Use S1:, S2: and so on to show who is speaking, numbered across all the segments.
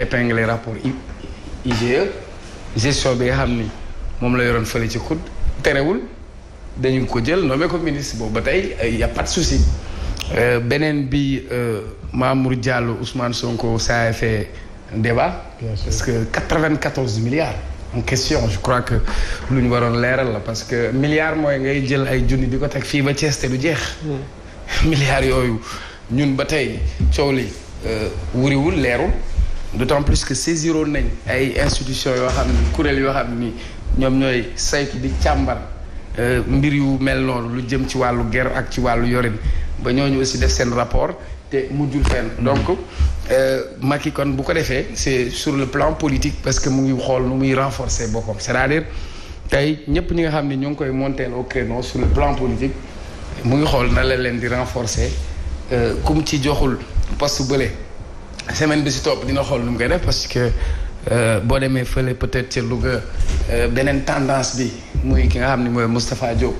S1: épinglé rapport IGE gestion bi nga xam ni moom la yoroon fële ci COUD terewul dañu ko jël nommé ko ministre boobu ba tey ay a pas de euh, beneen bi euh, Mamour Diallo Ousmane Sonko ça a fait débat parce que quatre-vingt-quatorze milliards en question je crois que lu ñu waroon leeral la parce que milliards mooy ngay jël ay junni di ko teg fii ba Thiès te du jeex
S2: hmm.
S1: milliards yooyu ñun ba tey coow li euh, wuriwul leerul d'autant plus que saisiroon nañ ay institutions yoo xam ni kuréel yoo xam ni ñoom ñooy saytu di càmbar euh, mbir yu mel noonu lu jëm ci wàllu ger ak ci wàllu yorin ba ñooñu aussi def seen rapport te mujjul fen mm-hmm. donc euh, Macky kon bu ko defee c'est sur le plan politique parce que mu ngi xool nu muy renforcer boppam c'est-à-dire tey ñépp ñi nga xam ne ñoo ngi koy monter au créneau sur le plan politique mu ngi xool na la leen di renforcer euh, kum ci joxul poste bële semaine bi si topp dina xool nu mu koy def parce que euh, boo demee fële peut-être ci Louga euh, beneen tendance bi muy ki nga xam ne mooy Moustapha Diop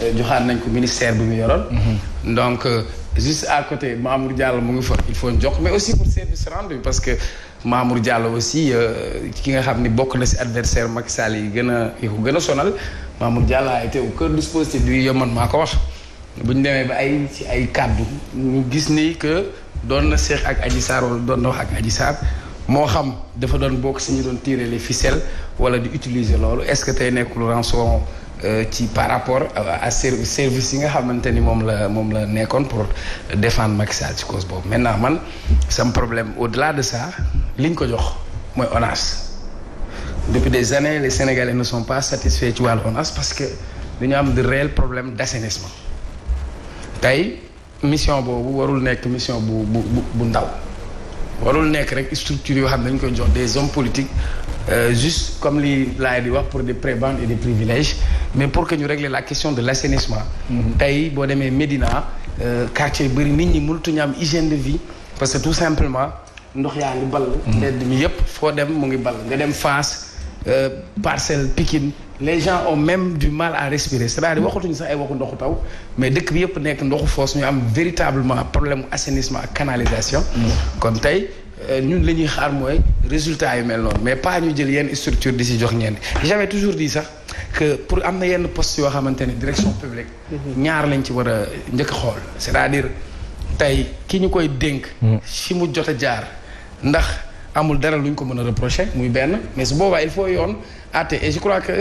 S1: euh, joxaat nañ ko ministère bi mu yoroon.
S2: Mm-hmm.
S1: donc juste à côté Mamour Diallo mu ngi fa il faut jox mais aussi pour service rendu parce que Mamour Diallo aussi ki nga xam ni bokk na si adversaire Macky Sall yi gën a yi ko gën sonal Mamour Diallo a été au cœur du dispositif man maa ko wax bu ñu demee ba ay ci ay kàddu ñu gis ni que. doon na seex ak Adji Sarr wala doon na wax ak Adji Sarr moo xam dafa doon bokk si ñu doon tirer les ficelles wala di utiliser loolu est-ce que tey nekkul rançon euh, ci par rapport à service yi nga xamante ni moom la moom la nekkoon pour défendre Macky Sall ci cause boobu maintenant man sam problème au-delà de ça liñ ko jox mooy ONAS depuis des années les Sénégalais ne sont pas satisfaits ci wàllu ONAS parce que dañu am de réels problèmes d'assainissement tey mission boobu warul nekk mission bu bu bu ndaw warul nekk rek structure yoo xam ne dañ koy jox des hommes politiques euh, juste comme li laay di wax pour des prébendes et des privilèges mais pour que ñu régler la question de l'assainissement mm-hmm. tey boo demee Médina euh, quartier bëri nit ñi mënatuñu am hygiène de vie parce que tout simplement ndox yaa ngi ball mm-hmm. mbedd mi yépp foo dem mu ngi ball nga dem Fass euh, Parcelles Pikine les gens ont même du mal à respirer c'est-à-dire hmm. waxatuñu sax ay waxu ndoxu taw mais dëkk bi yëpp nekk ndoxu foos ñu am véritablement problème assainissement ak canalisation hmm. kon tey euh, ñun la ñuy xaar mooy résultat yu mel noonu mais pas ñu jël yenn structure di si jox ñenn j'avais toujours dit sax pour am na yenn poste yoo xamante ne direction hmm. publique ñaar lañ ci war a njëkk xool c'est-à-dire tey ki ñu koy dénk si mu jot a jaar ndax amul dara luñ ko mën a reprocher muy benn mais su boobaa il faut yoon atte je crois que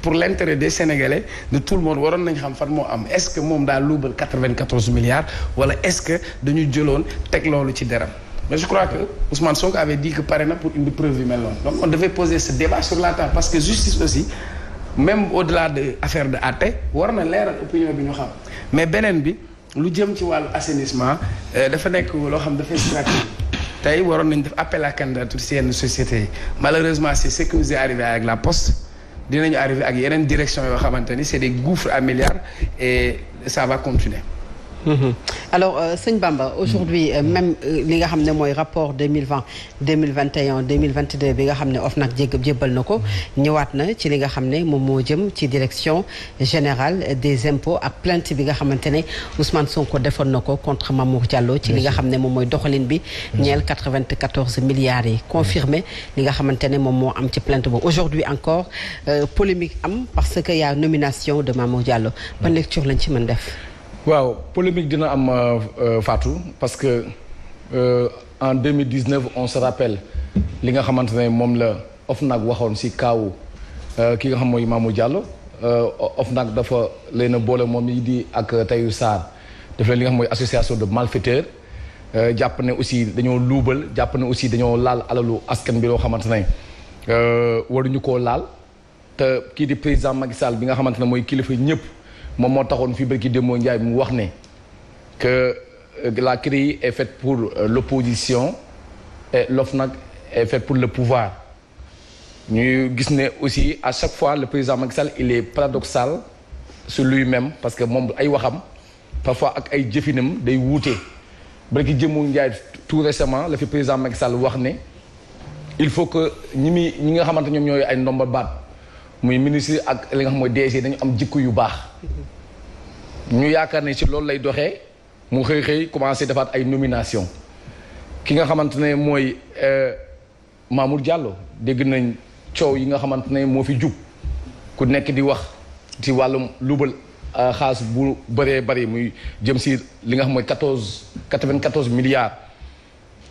S1: pour l'intérêt des Sénégalais de tout le monde waroon nañ xam fan moo am est-ce que moom daa luubal 94 milliards wala est-ce que dañu jëloon teg loolu ci deram mais je crois que Ousmane Sonko avee dit que pare na pour une preuve yu mel noonu donc on devait poser ce débat sur la parce que justice aussi même au-delà de affaire de àtte war na leeral opinion bi ñu xam mais beneen bi lu jëm ci wàllu assainissement euh, dafa nekk loo xam dafay stratégie tey waroon nañ def appel à candidature si yenn sociétés yi malheureusement c'est ce qui nous est avec la poste dinañu arrivé ak yeneen direction yoo xamante ni c'est des gouffres à milliards et ça va continuer
S2: Mm-hmm. alors euh, sëñ Bamba aujourd'hui euh, mm-hmm. même euh, li nga xam ne mooy rapport 2020 2021 2022 bi nga xam ne OFNAC jég jébbal na ko mm-hmm. ñëwaat na ci li nga xam ne moom moo jëm ci direction générale des impôts ak plainte bi nga xamante ne Ousmane Sonko defoon na ko contre Mamour Diallo ci li nga xam ne moom mooy doxalin bi ñeel 94 milliards yi confirmé li nga xamante ne moom moo am ci plainte boobu aujourd'hui encore polémique am parce que y a nomination de Mamour Diallo ban lecture lañ ci mën def
S1: waaw polémique dina am euh, euh, Fatou parce que euh, en 2019 on se rappelle li nga xamante ne moom la OFNAC waxoon si kaawu euh, ki nga xam mooy Mamou Diallo OFNAC dafa leen a boole moom yi di ak Tahirou Sarr def leen li nga xam mooy association de malfaiteurs jàpp ne aussi dañoo luubal jàpp ne aussi dañoo laal alalu askan bi loo xamante ne waruñu koo laal te kii di président Macky Sall bi nga xamante ne mooy kilifa ñëpp. moom moo taxoon fii barki Demba Ndiaye mu wax ne que euh, la CREI est faite pour euh, l'opposition et l'OFNAC est faite pour le pouvoir ñuy gis ne aussi à chaque fois le président Macky Sall il est paradoxal sur lui-même parce que moom ay waxam parfois ak ay jëfinam day wuute barki Demba Ndiaye tout récemment la fi président Macky Sall wax ne il faut que ñi muy ñi nga xamante ñoom ñooy ay ndomba baat muy ministre ak li nga xam mooy DG dañu am jikko yu baax ñu yaakaar ne si loolu lay doxee mu xëy xëy commencé defaat ay nomination ki nga xamante ne mooy euh, Mamour Diallo dégg nañ coow yi nga xamante ne moo fi jub ku nekk di wax ci wàllum lubal euh, xaalis bu bëree bëri muy jëm si li nga xam mooy quatorze quatre-vingt-quatorze milliards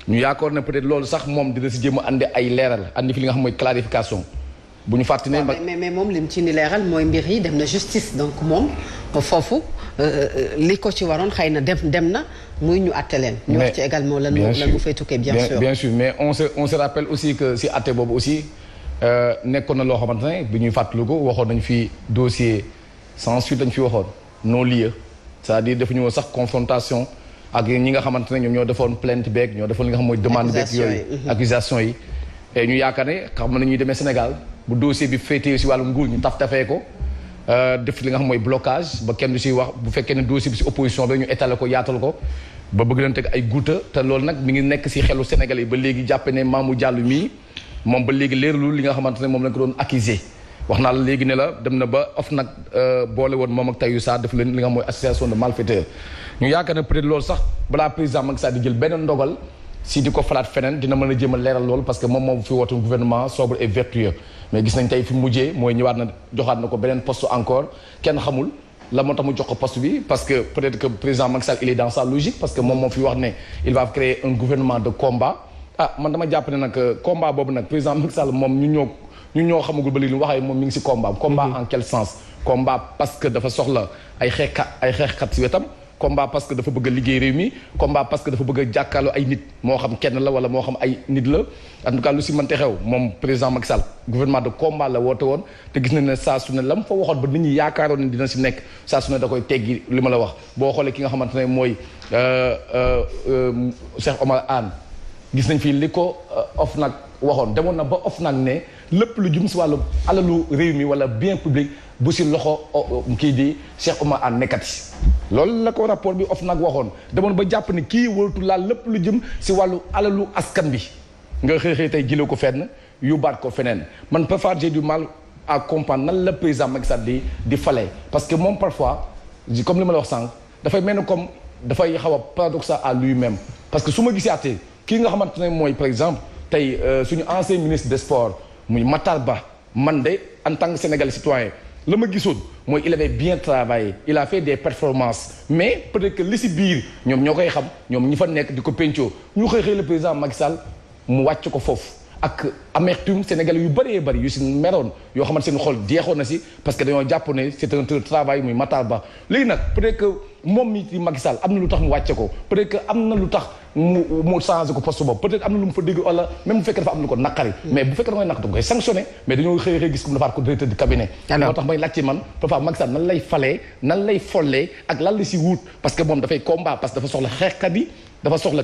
S1: ñu yaakaar na peut-être loolu sax moom dina si jëm
S2: a andi ay leeral andi fi li nga xam mooy clarification bu ñu fàttali ne. mais mais moom lim ci ni leeral mooy mbir yi dem na justice donc moom foofu euh, euh, li ko ci waroon xëy na dem dem na muy ñu àtte leen. ñu wax ci également lan fay tukkee. bien
S1: sûr bien on se aussi que si àtte boobu aussi euh, nekkoon na loo xamante ne bi ñuy fàttaliku waxoon nañu fi dossier sans suite lañu fi waxoon non lieu c'est-à-dire defuñu woon sax confrontation ak ñi nga xamante ne ñoom ñoo defoon plainte beeg ñoo defoon li nga xam mooy demande beeg yooyu mhm. accusation yi. ñu yaakaar ne xam nañu ñuy demee Sénégal. bu dossier bi féetee si wàllu nguur ñu taf tafee ko euh, def li nga xamooy mooy blocage ba kenn du si wax bu fekkee ne dossier bi si opposition bi ñu étaler ko yaatal ko ba bëgg leen teg ay guuta te loolu nag mi ngi nekk si xelu sénégal yi ba léegi jàppe ne Mamou Diallo mii moom ba léegi leerlu li nga xamante ne moom lañ ko doon accusé wax naa la léegi ne la dem na ba of nag euh, boole woon moom ak Tahirou Sarr def leen li nga xam mooy association de malfaiteurs ñu yaakaar ne peut-être loolu sax balaa président Macky Sall jël benn ndogal si di ko falaat feneen dina mën a jéem a leeral loolu parce que moom moom fi woote gouvernement sobre et vertueux mais gis nañ tey fi mujjee mooy ñëwaat na joxaat na ko beneen poste encore kenn xamul la moo tax mu jox ko poste bi parce que peut-être que président Macky Sall il est dans sa logique parce que moom moom fi wax ne il va créer un gouvernement de combat ah man dama jàpp ne nag euh, combat boobu nag président Macky moom ñu ñoo ñu ñoo xamagul ba léegi lu waxee moom mi ngi si combat combat mhm. en quel sens combat parce que dafa soxla ay xeexkat ay xeexkat wetam combat parce que dafa bëgg a liggéey réew mi combat parce dafa bëgg a ay nit moo xam kenn la wala moo xam ay nit la en tout cas lu si xew moom président Macky Sall gouvernement de combat la woote woon te gis nañ ne saa su ne la mu fa waxoon ba nit ñi yaakaaroon ne dina si nekk saa su ne da koy teggi li ma la wax boo xoolee ki nga xamante ne mooy euh, euh, euh, Cheikh Omar Anne gis nañ fii li ko nag waxoon demoon na ba nag ne lépp lu jëm si wàllu alalu réew mi wala bien public bu si loxo kii di Cheikh Oumar Anne nekkati loolu la ko rapport bi of nag waxoon demoon ba jàpp ne kii waratu laal lépp lu jëm si wàllu alalu askan bi nga xëy xëy tey jile ko fenn baat ko feneen man parfois j'ai du mal à comprendre nan la président ma Sall di di fale parce que moom parfois comme li ma la wax sànq dafay mel ni comme dafay xaw a paradoxal à lui-même parce que su ma gisaatee kii nga xamante ne mooy par exemple tey euh, suñu ancien ministre des sports muy Matar Ba man de en tant que sénégalais citoyen la ma gisoon mooy il avait bien travaillé il a fait des performances mais peut que li si biir ñoom ñoo koy xam ñoom ñi fa nekk di ko pencoo ñu xëy xëy le président Macky mu wàcc ko foofu ak amertume sénégalais yu bëree bëri yu si meroon yoo xamante seen xol jeexoon na si parce que dañoo jàpp ne c'est un travail muy Matar Ba léegi nag peut-être que moom mi ci Macky Sall am na lu tax mu wàcce ko peut que am na lu tax mu mu changé ko poste peut être am na lu mu fa dégg wala même bu fekkee dafa am lu ko naqari hmm. mais bu fekkee da ngay naq da mais dañoo xëy xëy gis comme dafa ko directeur du cabinet moo tax may laaj man parfois Macky Sall lay falee nan lay follee ak lan la si wuut parce que moom dafay combat parce que dafa soxla xeexkat yi dafa soxla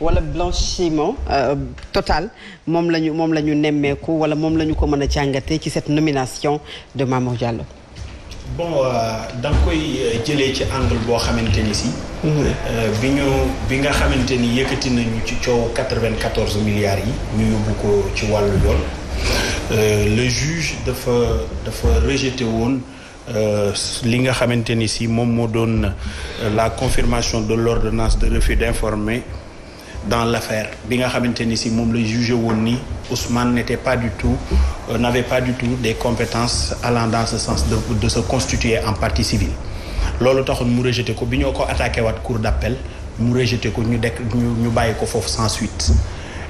S2: wala blanchiment euh, total moom la ñu moom la ñu nemmeeku wala moom la ñu ko mën a jàngate ci cette nomination de Mamour jàll
S3: bon euh, da nga koy euh, jëlee ci angle boo xamante ni si. Mhm. bi ñu bi nga xamante ni yëkkati nañu ci coow 94 milliards yi. ñu yóbbu ko ci wàllu yoon. le juge dafa dafa rejeté woon. li nga xamante ni si moom moo doon la confirmation de l'ordonnance de refus d'informer dans l'affaire bi nga xamante ni si moom la jugé woon nii Ousmane n'était pas du tout euh, n'avait pas du tout des compétence allant dans ce sens de de se constituer en partie civile loolu taxoon mu rejeté ko bi ñoo ko attaqué waat cour d'appel mu rejeté ko ñu dekk ñu bàyyi ko foofu sans suite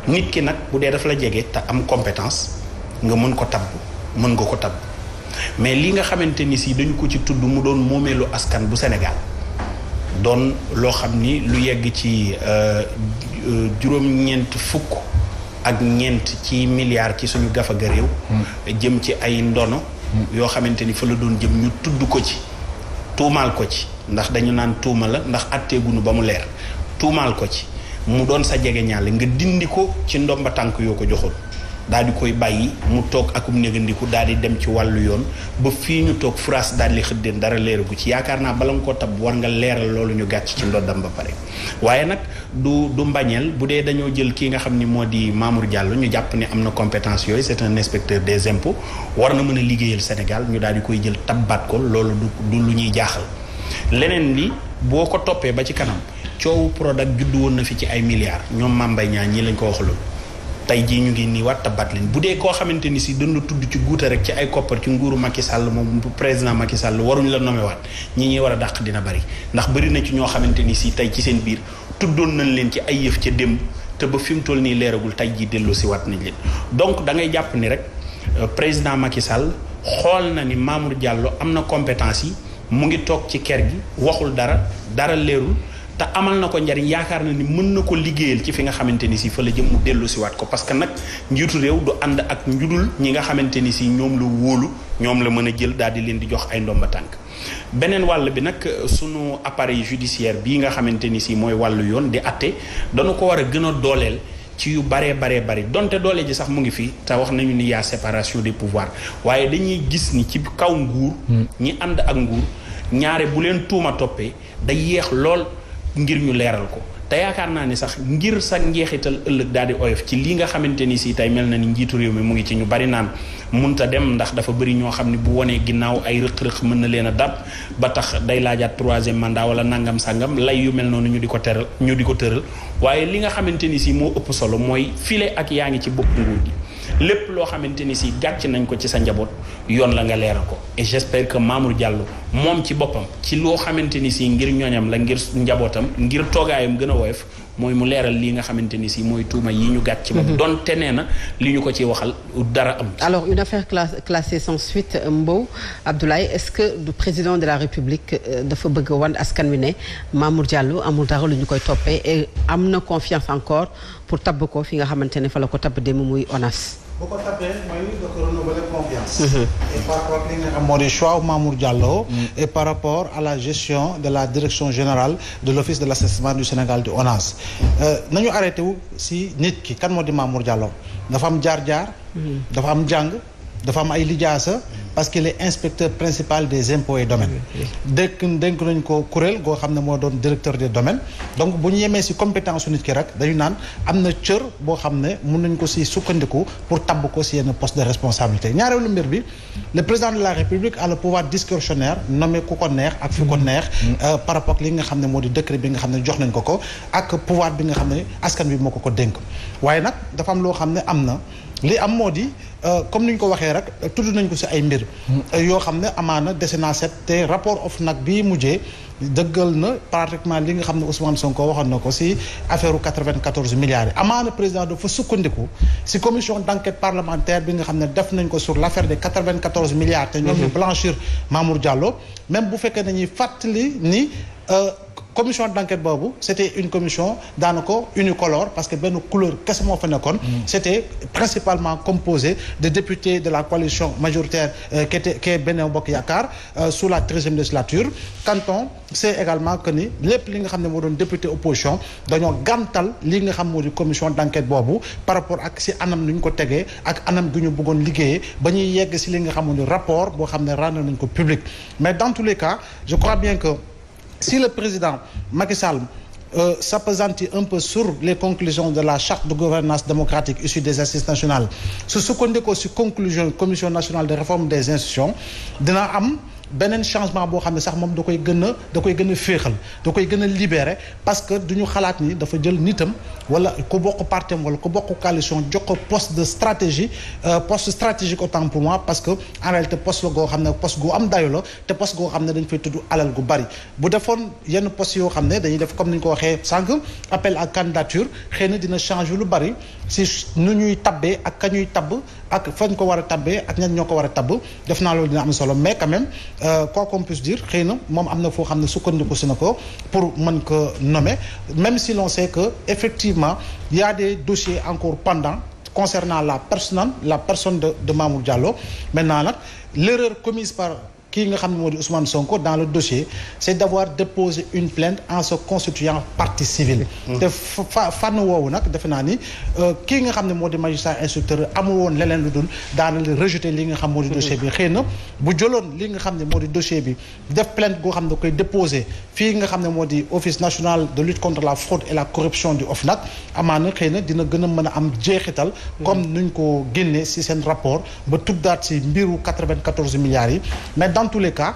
S3: nit ki nag bu dee dafa la jege te am compétence nga mën ko tab mën nga ko tabb mais li nga xamante ni si dañu ko ci tudd mu doon moomeelu askan bu Sénégal doon loo xam ni lu yegg ci euh, euh, juróom-ñeent fukk ak ñeent ci milliards ci suñu gafaga réew hmm. jëm ci ay ndono hmm. yoo xamante ni fa la doon jëm ñu tudd ko ci tuumaal ko ci ndax dañu naan tuuma la ndax atteegunu ba mu leer tuumaal ko ci mu doon sa jege ñaale nga dindi ko ci ndomba tànk yoo ko joxoon daal di koy bàyyi mu toog akum négandiku daal di dem ci wàllu yoon ba fii ñu toog France daal di xëddeen dara leeragu ci yaakaar naa bala nga ko tab war nga leeral loolu ñu gàcc ci ndoddam ba pare waaye nag du du mbañeel bu dee dañoo jël kii nga xam ni moo di Mamour Diallo ñu jàpp ne am na compétence yooyu c'est un inspecteur des impôts war na mën a liggéeyal Sénégal ñu daal di koy jël tabbaat ko loolu du du lu ñuy jaaxal leneen li boo ko toppee ba ci kanam coowu Prodac juddu woon na fi ci ay milliards ñoom Mame ñii lañ ko waxaloon tey jii ñu ngi nii waat tabat leen bu dee koo xamante ni si dënd tudd ci guute rek ci ay koppar ci nguuru Macky Sall moom président Macky Sall waruñ la nommé waat ñi ñuy war a dàq dina bari ndax bari na ci ñoo xamante ni si tey ci seen biir tuddoon nañ leen ci ay yëf ca démb te ba fi mu toll nii leeragul tey jii delloo si waat nañ leen donc da ngay jàpp ni rek euh, président Macky Sall xool na ni Mamour Diallo am na compétence yi mu ngi toog ci ker gi waxul dara dara leerul te amal na ko njariñ yaakaar na ni mën na ko liggéeyal ci fi nga xamante ni si fa la jëm mu dellu siwaat ko parce que nag njiitu réew du ànd ak njudul ñi nga xamante ni si ñoom la wóolu ñoom la mën a jël daal di leen di jox ay tànk beneen wàll bi nag sunu appareil judiciaire bii nga xamante ni si mooy wàllu yoon di atte dana ko war a gën a dooleel ci yu baree baree bari donte doole ji sax mu ngi fii te wax nañu ni yaa séparation des pouvoirs waaye dañuy gis ni ci kaw nguur hmm. ñi ànd ak nguur ñaare bu leen tuuma toppee da yéex lool ngir ñu leeral ko te yaakaar naa ni sax ngir sa njeexital ëllëg daal di oyof ci lii nga xamante ni si tey mel na ni njiitu réew mi mu ngi ci ñu bari naan munta dem ndax dafa bëri ñoo xam ne bu wonee ginnaaw ay rëq-rëq mën na leen a dab ba tax day laajaat troisième mandat wala nangam sangam lay yu mel noonu ñu di ko teral ñu di ko tëral waaye li nga xamante ni si moo ëpp solo mooy file ak yaa ngi ci bopp nguur gi lépp loo xamante ni si gàcc nañ ko ci sa njaboot yoon la nga leeral ko et j'espère que Mamour Diallo moom ci boppam ci loo xamante ni si ngir ñoñam la ngir njabootam ngir toogaayam gën a woyof mooy mu leeral lii nga xamante ni si mooy tuuma yi ñu gàtt ci moom doon nee na li ñu ko ci waxal dara am
S2: alors une affaire classée sans suite Mbow Abdoulaye est-ce que du président de la République euh, dafa bëgg wan askan wi ne Mamour Diallo amul dara lu ñu koy toppee et am na confiance encore pour tabb ko fi nga xamante ne fa la ko tabb dem muy ONAS
S4: bu ko tapee mooy nga ko renouveler confiance. Mhm. par rapport li nga xam moo di choix Mamour Diallo. Mhm. et par rapport à la gestion de la direction générale de l'office de l'assainissement du Sénégal du ONAS. Euh, nañu arrêté wu si nit ki kan moo di Mamour Diallo dafa am jaar-jaar. Mhm. dafa am jàng dafa am ay lijaasa. parce qu'il est inspecteur principal des impôts et domaines. dëkk dénk nañ ko kuréel goo xam ne moo doon directeur des domaine donc bu ñu yemee ci compétence su nit ki rek dañu naan am na cër boo xam ne mun nañ ko ci sukkandiku pour tabb ko ci yenn post de responsabilité ñaareelu mbir bi le président de la république a le pouvoir discrétionnaire nommé ku ko neex ak fu ko mm. neex mm. Euh, par rapport ak li nga xam ne moo di décret bi nga xam ne jox nañ ko ko ak pouvoir bi nga xam ne askan bi moo ko ko dénk waaye loo xam ne am na li am moo di euh, comme ni ñu ko waxee rek tudd nañ ko si ay mbir mm. yoo xam ne amaana dese naa set te rapport nag bi mujjee dëggal na pratiquement li nga xam ne Ousmane Sonko waxoon na ko si affaire u 94 milliards yi amaana président dafa sukkandiku si commission d' parlementaire bi nga xam ne def nañ ko sur l' affaire des 94 milliards te ñoom ñu mm-hmm. blanchir Mamour Diallo même bu fekkee nañuy fàttali ni euh, commission d'enquête boobu c'était une commission daanaka unicolore parce que benn couleur kese moo fa nekkoon. Mm. c'était principalement composé de députés de la coalition majoritaire euh, qui était qui est Benno Bokk Yaakaar euh, sous la treizième législature quand on sait également que ni lépp li nga xam ne moo doon député opposition dañoo gàntal li nga xam moo di commission d'enquête boobu par rapport ak si anam nu ñu ko tegee ak anam gi ñu bëggoon liggéeye ba ñuy yegg si li nga xam ne rapport boo xam ne rendre nañ ko public mais dans tous bien que si le président Macky Sall euh, s'appesantit un peu sur les conclusions de la charte de gouvernance démocratique issue des assises nationales su sukkandikoo si conclusion commission nationale de réforme des institutions dina am beneen changement boo xam ne sax moom da koy gën a da koy gën a féexal da koy gën a libéré parce que du ñu xalaat ni dafa jël nitam wala ku bokk partem wala ku bokk coalition jox ko poste de stratégie euh, poste stratégique autant pour moi parce que en réalité poste la goo xam ne post goo am dayo te poste goo xam ne dañu fay tudd alal gu bari bu defoon yenn post yoo xam ne dañuy def comme ni ñu ko waxee sànq appel ak candidature xëy na dina changer lu bari si nu ñuy tabbee ak ka ñuy tabb ak fañ ko war a tabbee ak ñan ñoo ko war a tabb def naa loolu dina am solo mais quand même euh, quoi qu'on puisse dire xëy na moom am na foo xam ne sukkandiku si na ko pour man ko nome même si l'on sait que effectivement y a des dossiers encore pendant concernant la personne la personne de de Mamour Diallo maintenant nag l'erreur commise par kii nga xam ne moo di Ousmane Sonko dans le dossier c'est d'avoir déposé une plainte en se constituant partie civile mmh. te fa fànn woowu nag defe naa ni euh, kii nga xam ne moo di magistrat instructeur amul woon leneen lu dul daana rejeté li nga xam moo di mmh. dossier bi xëy na bu jëloon li nga xam ne moo di dossier bi def plainte goo xam ne koy déposé fii nga xam ne moo di office national de lutte contre la fraude et la corruption du OFNAC amaana xëy na dina gën a mën a am jeexital mmh. comme nuñ ko génnee si seen rapport ba tuddaat si mbiru 94 milliards yi dans tous les cas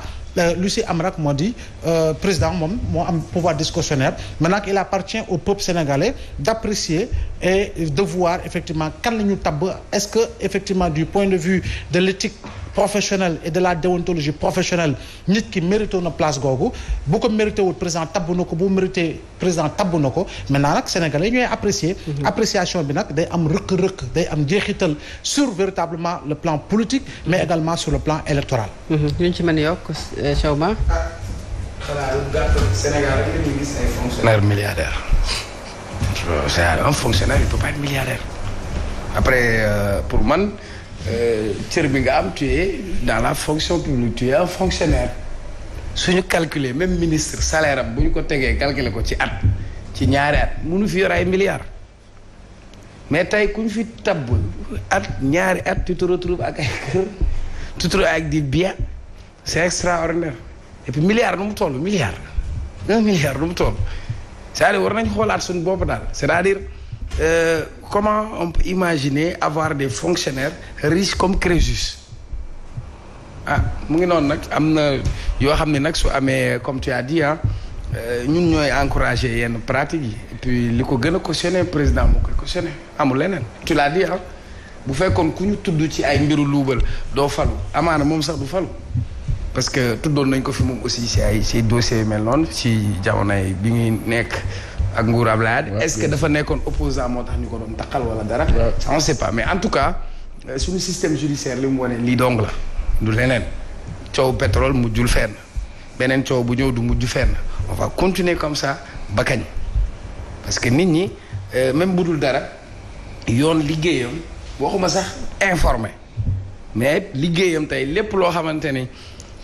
S4: lu si am rek moo di euh, président moom moo am pouvoir discrétionnaire maintenant il appartient au peuple sénégalais d'apprécier et de voir effectivement kan la ñu tabb est-ce que effectivement du point de vue de l'éthique professionnelle et de la déontologie professionnelle nit ki mérité na place googu bu ko mérité wut président tabbu na ko bu mérité président tabbu na ko maintenant nag sénégalais ñooy apprécier mhm. appréciation bi nag day am rëq-rëq day am njeexital sur véritablement le plan politique mais également sur le plan
S2: électoral mhm. ñu ci a yokk Chawma
S1: euh, xanaa après euh, pour man Euh, cër bi nga am tu dans la fonction publique tu es fonctionnaire suñu calculer même ministre salaire am bu ñu ko tegee calculer ko ci at ci ñaari at mënu fi yor ay milliards mais tey ku ñu fi tabb at ñaari at tu te ak ay kër tu te ak di bien c'est extraordinaire et puis milliard nu mu toll milliard un milliard nu mu toll cest war dire war nañ xoolaat suñu bopp daal c'est-à-dire euh, comment on peut imaginer avoir des fonctionnaires riches comme Crésus ah mu ngi noonu nag am na yoo xam ne nag su amee comme tu as dit ah, euh, ñun ñooy encouragé yenn pratiques yi et puis li ko gën a cautionné président moo koy cautionné amul leneen tu l'as dit ah bu fekkoon ku ñu tudd ci ay mbiru luubal doo falu amaana moom sax du falu parce que tuddoon nañ ko fi moom aussi si ay si dossier yu mel noonu ci jamonoy bi ngi nekk ak nguur Ablaye est-ce que dafa nekkoon opposant moo tax ñu ko doon taqal wala dara ça on sait pas mais en tout cas euh, suñu système judiciaire li mu wane lii dong la du leneen coow pétrole mujjul fenn beneen coow bu ñëw du mujj fenn on va continuer comme ça ba kañ parce que nit ñi euh, même bu dul dara yoon liggéeyam waxuma sax informé mais liggéeyam tey lépp loo xamante ni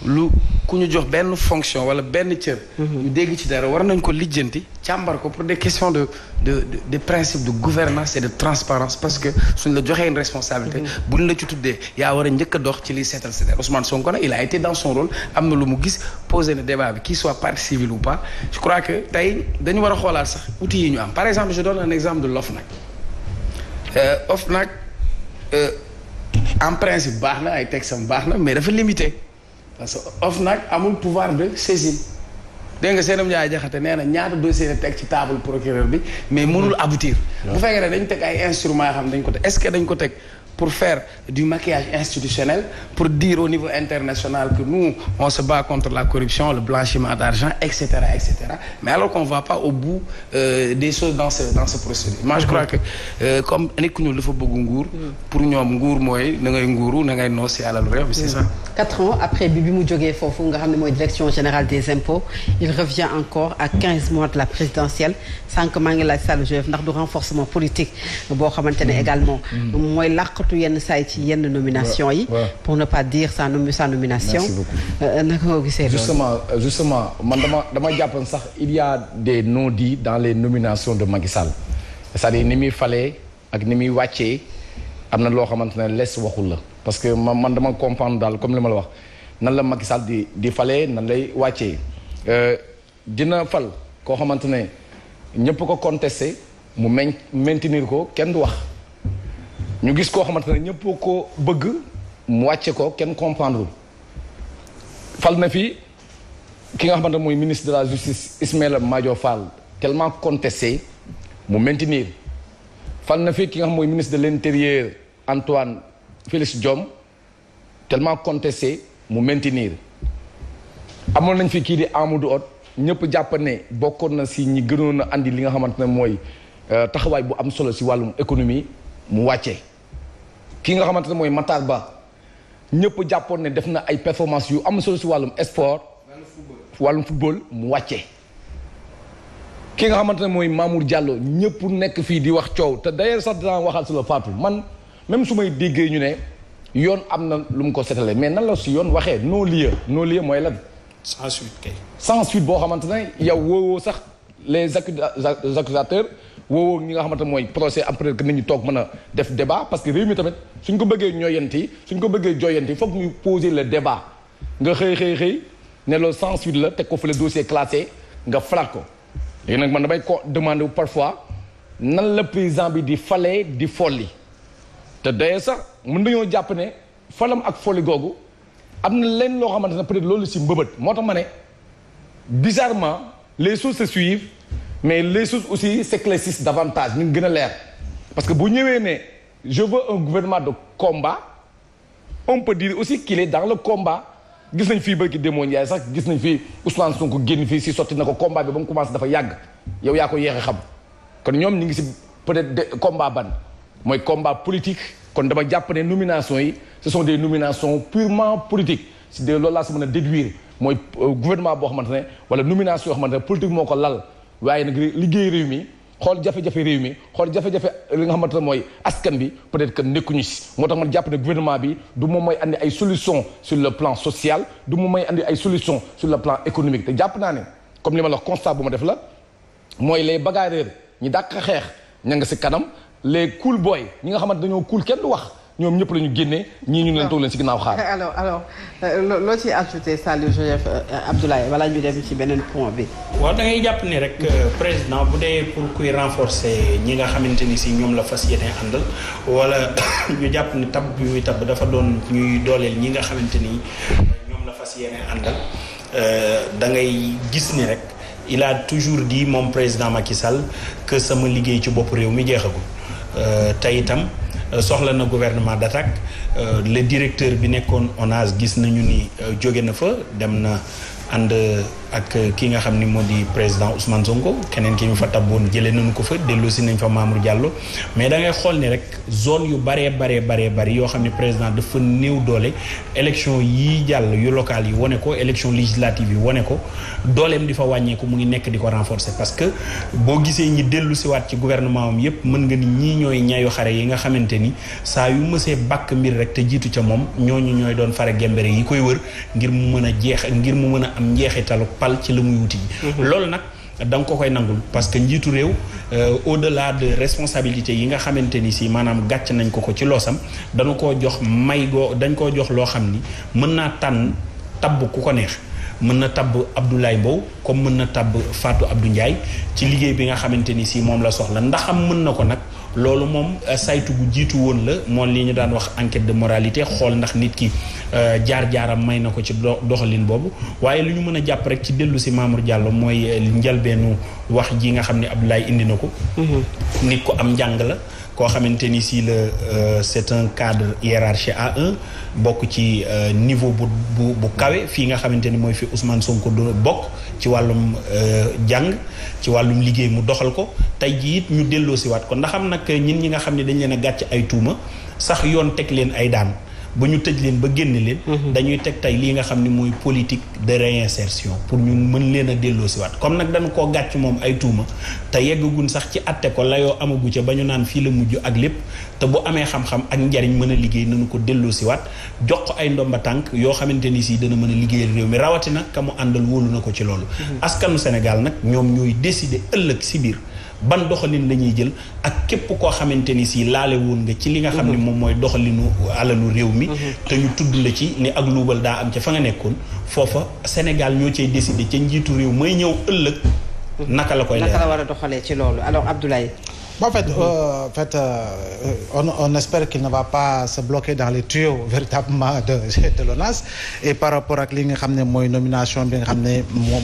S1: lu ku ñu jox benn fonction wala benn cër. Mhm. ñu dégg ci dara war nañ ko lijjanti càmbar ko pour des questions de de de principe de gouvernance et de transparence parce que suñ la joxee une responsabilité. Mhm. buñ la ci tuddee yaa war a njëkk dox ci liy seetal si dara Ousmane Sonko nag il a été dans son rôle am na lu mu gis posé na débat bi qu'il soit partie civile ou pas je crois que tey dañu war a xoolaat sax outils yi ñu am par exemple je donne un exemple de l'OFNAC. Euh, OFNAC euh, baax na ay textes am baax na mais dafa limité. parce que nag amul pouvoir de saisine dégg nga seenam Ndiaye jaxate nee na ñaata dossier la teg ci table procureur bi mais mënul aboutir bu fekkee ne dañ teg ay instruments yoo xam dañ ko teg est-ce que dañ ko teg pour faire du maquillage institutionnel, pour dire au niveau international que nous, on se bat contre la corruption, le blanchiment d'argent, etc., etc. Mais alors qu'on ne va pas au bout euh, des choses dans ce, dans ce procédé. Moi, je crois que euh, comme nous le faut nguur pour nous, Ngour, moi, nous avons nous avons c'est à la c'est ça. Mm.
S2: Quatre ans après Bibi ne Fofo, direction générale des impôts, il revient encore à 15 mois de la présidentielle sans que Mangela Sall le jeu, renforcement politique, mm. également. Mm. Moi, artu yenn saay ci yenn nomination yi pour ne pas dire sa nom sa nomination euh, naka nga gisee loolu justement
S1: justement man dama dama jàppoon sax il a des non-dits dans les nominations de Macky Sall c'est-à-dire ni muy falee ak ni muy wàccee am na loo xamante ne les waxul la parce que ma man dama comprendre daal comme li ma la wax nan la Macky Sall di di falee nan lay wàccee euh, dina fal koo xamante ne ñëpp ko contesté mu main maintenir ko kenn du wax ñu gis koo xamante ne ñëpp ko bëgg mu wàcce ko kenn comprendre fal na fi ki nga xamante mooy ministre de la justice Ismaïla Madior fal tellement contesté mu maintenir fal na fi ki nga mooy ministre de l'intérieur Antoine Félix Diome tellement contesté mu maintenir amoon nañ fi kii di Amadou Hott ñëpp jàpp ne bokkoon na si ñi gënoon na indi li nga xamante ne mooy euh, taxawaay bu am solo si wàllum économie mu wàcce ki nga xamante ne mooy Matar Ba ñëpp jàppoon ne def na ay performance yu am solo si wàllum sport wàllum football mu wàcce ki nga xamante ne mooy Mamour Diallo ñëpp nekk fii di wax coow te d'ailleurs sax dinaa waxal si la Fatou man même su may déggee ñu ne yoon am na lu mu ko setale mais nan la si yoon waxee non lieu non lieu mooy lan sans suite kay sans suite boo xamante ne yow woowoo sax les accusateurs woowoo ñi nga xamante mooy procès après que nit ñi toog mën a def débat parce que réew mi tamit suñ ko bëggee ñooyanti suñ ko bëggee jooyanti foog ñu poser le débat nga xëy xëy xëy ne loolu sans suite la teg ko fa le dossier classé nga falaat ko léegi nag man damay ko demander parfois nan la président bi di falee di folli te daye sax mën nañoo jàpp ne falam ak folli googu am na leen loo xamante ne peut-être loolu si mbëbët moo tax ma ne bizarrement les choses se suivent mais les choses aussi s'éclaircissent davantage ñu gën a leer parce que boo ñëwee ne je veux un gouvernement de combat on peut dire aussi qu'il est dans le combat gis nañ fii barki démon yaay sax gis nañ fii Ousmane Sonko génn fii si sotti na ko combat bi ba mu commencé dafa yàgg yow yaa ko yéex a xam kon ñoom ñu ngi si peut-être combat ban mooy combat politique kon dama jàpp ne nomination yi ce sont des nominations purement politique si de loolu laa si mooy euh, gouvernement boo xamante ne wala nomination yoo xamante ne politique moo ko lal waaye nag liggéey réew mi xool jafe-jafe réew mi xool jafe-jafe li nga xamante ne mooy askan bi peut-être que nekkuñu si moo tax man jàpp ne gouvernement bi du moom mooy andi ay le plan social du moom mooy andi ay solution sur le plan économique jàpp naa ne comme li ma la wax bu ma def la mooy les bagarreurs ñi dàq xeex ña nga si kanam les cool booy ñi nga xamante dañoo kuul kenn du wax ñoom ñëpp la ñu génnee ñii ñu leen toog leen si ginnaaw xaar.
S2: alors alors euh, loo ciy ajouté Saliou Joseph Abdoulaye wala ñu dem ci beneen point bi. waaw
S3: dangay ngay jàpp ni rek euh, président bu dee pour kuy renforcer ñi nga xamante ni si ñoom la fas yéene àndal wala ñu jàpp ni tab bi muy tab dafa doon dooleel ñi nga xamante ni ñoom la fas yéene àndal euh, da ngay gis ni rek. il toujours di moom président Macky Sall que sama liggéey ci bopp réew mi jeexagul te itam Euh, soxla na gouvernement d'attaque euh, le directeur bi nekkoon ONAS gis nañu ni euh, jóge na fa dem na ànd ak euh, ki nga xam ni moo di président Ousmane Sonko keneen ki ñu fa tabboon jëlee nañu ko fa delloosi nañ fa Mamour Diallo mais da ngay xool ni rek zone yu baree baree baree bari yoo xam ne président dafa néew doole élection yii jàll yu locale yi wane ko élection législative yi wane ko dooleem di fa wàññeeku mu ngi nekk di ko renforcer parce que boo gisee ñi dellu siwaat ci gouvernement am yépp mën nga ni ñii ñooy ñayu xare yi nga xamante ni saa yu mësee bàkk mbir rek te jiitu ca moom ñooñu ñooy doon fare gembere yi koy wër ngir mu mën a jeex ngir mu mën a am njeexitalu pal ci la muy wuti ji mhm. loolu nag danga nga ko koy nangul parce que njiitu réew euh, au-delà de responsabilité yi nga xamante ni si maanaam gàcc nañ ko ko ci loosam dañu koo jox may goo dañ koo jox loo xam ni mën naa tànn tabb ku ko neex mën na tabb abdulaay bow comme mën na tabb faatu abdu njaay ci liggéey bi nga xamante ni si moom la soxla ndaxam mën na ko nag loolu moom euh, saytu bu jiitu woon la moom li ñu daan wax enquête de moralité xool ndax nit ki euh, jaar-jaaram may na ko ci doxalin boobu waaye lu ñu mën a jàpp rek ci dellu si Mamour Diallo mooy euh, njëlbeenu wax ji nga xam ne Abdoulaye indi na ko mhm. nit ko am njàng la koo xamante ni si la euh, c'est un cadre hiérarchie a bokk ci euh, niveau bu bu bu kawee fii nga xamante ni mooy fi Ousmane Sonko doon bokk ci wàllum euh, jàng ci wàllum liggéey mu doxal ko tey jii it ñu delloosiwaat ko ndax am nag ñin ñi nga xam ne dañ leen a gàcc ay tuuma sax yoon teg leen ay daan. ba ñu tëj leen ba génne leen mhm. dañuy teg tey lii nga xam ni mooy politique de réinsertion pour ñu mën leen a delloo si waat comme nag dañu koo gàcc moom ay tuuma te yeggagun sax ci atte ko layoo amagu ca ba ñu naan fii la mujj ak lépp te bu amee xam-xam ak njariñ mën a liggéey nañu ko delloo si waat jox ko ay ndomba tànk yoo xamante ni si dana mën a liggéeyal réew mi rawatina ka mu àndal wóolu na ko ci loolu mhm. askanu Sénégal nag ñoom ñooy décider ëllëg si biir ban doxalin la ñuy jël ak képp koo xamante ni si laale woon nga ci li nga xam ne mhm. moom mooy doxalinu alalu réew mi mhm. te ñu tudd la ci ni ak luubal daa am ca fa nga nekkoon foofa Sénégal ñoo ci décidé ca njiitu réew may ñëw ëllëg
S2: naka la koy naka la war a doxalee ci loolu alors Abdoulaye
S4: En fait, euh, en fait euh, on, on, espère qu'il ne va pas se bloquer dans les tuyaux véritablement de, de l'ONAS. Et par rapport à la nomination, bien,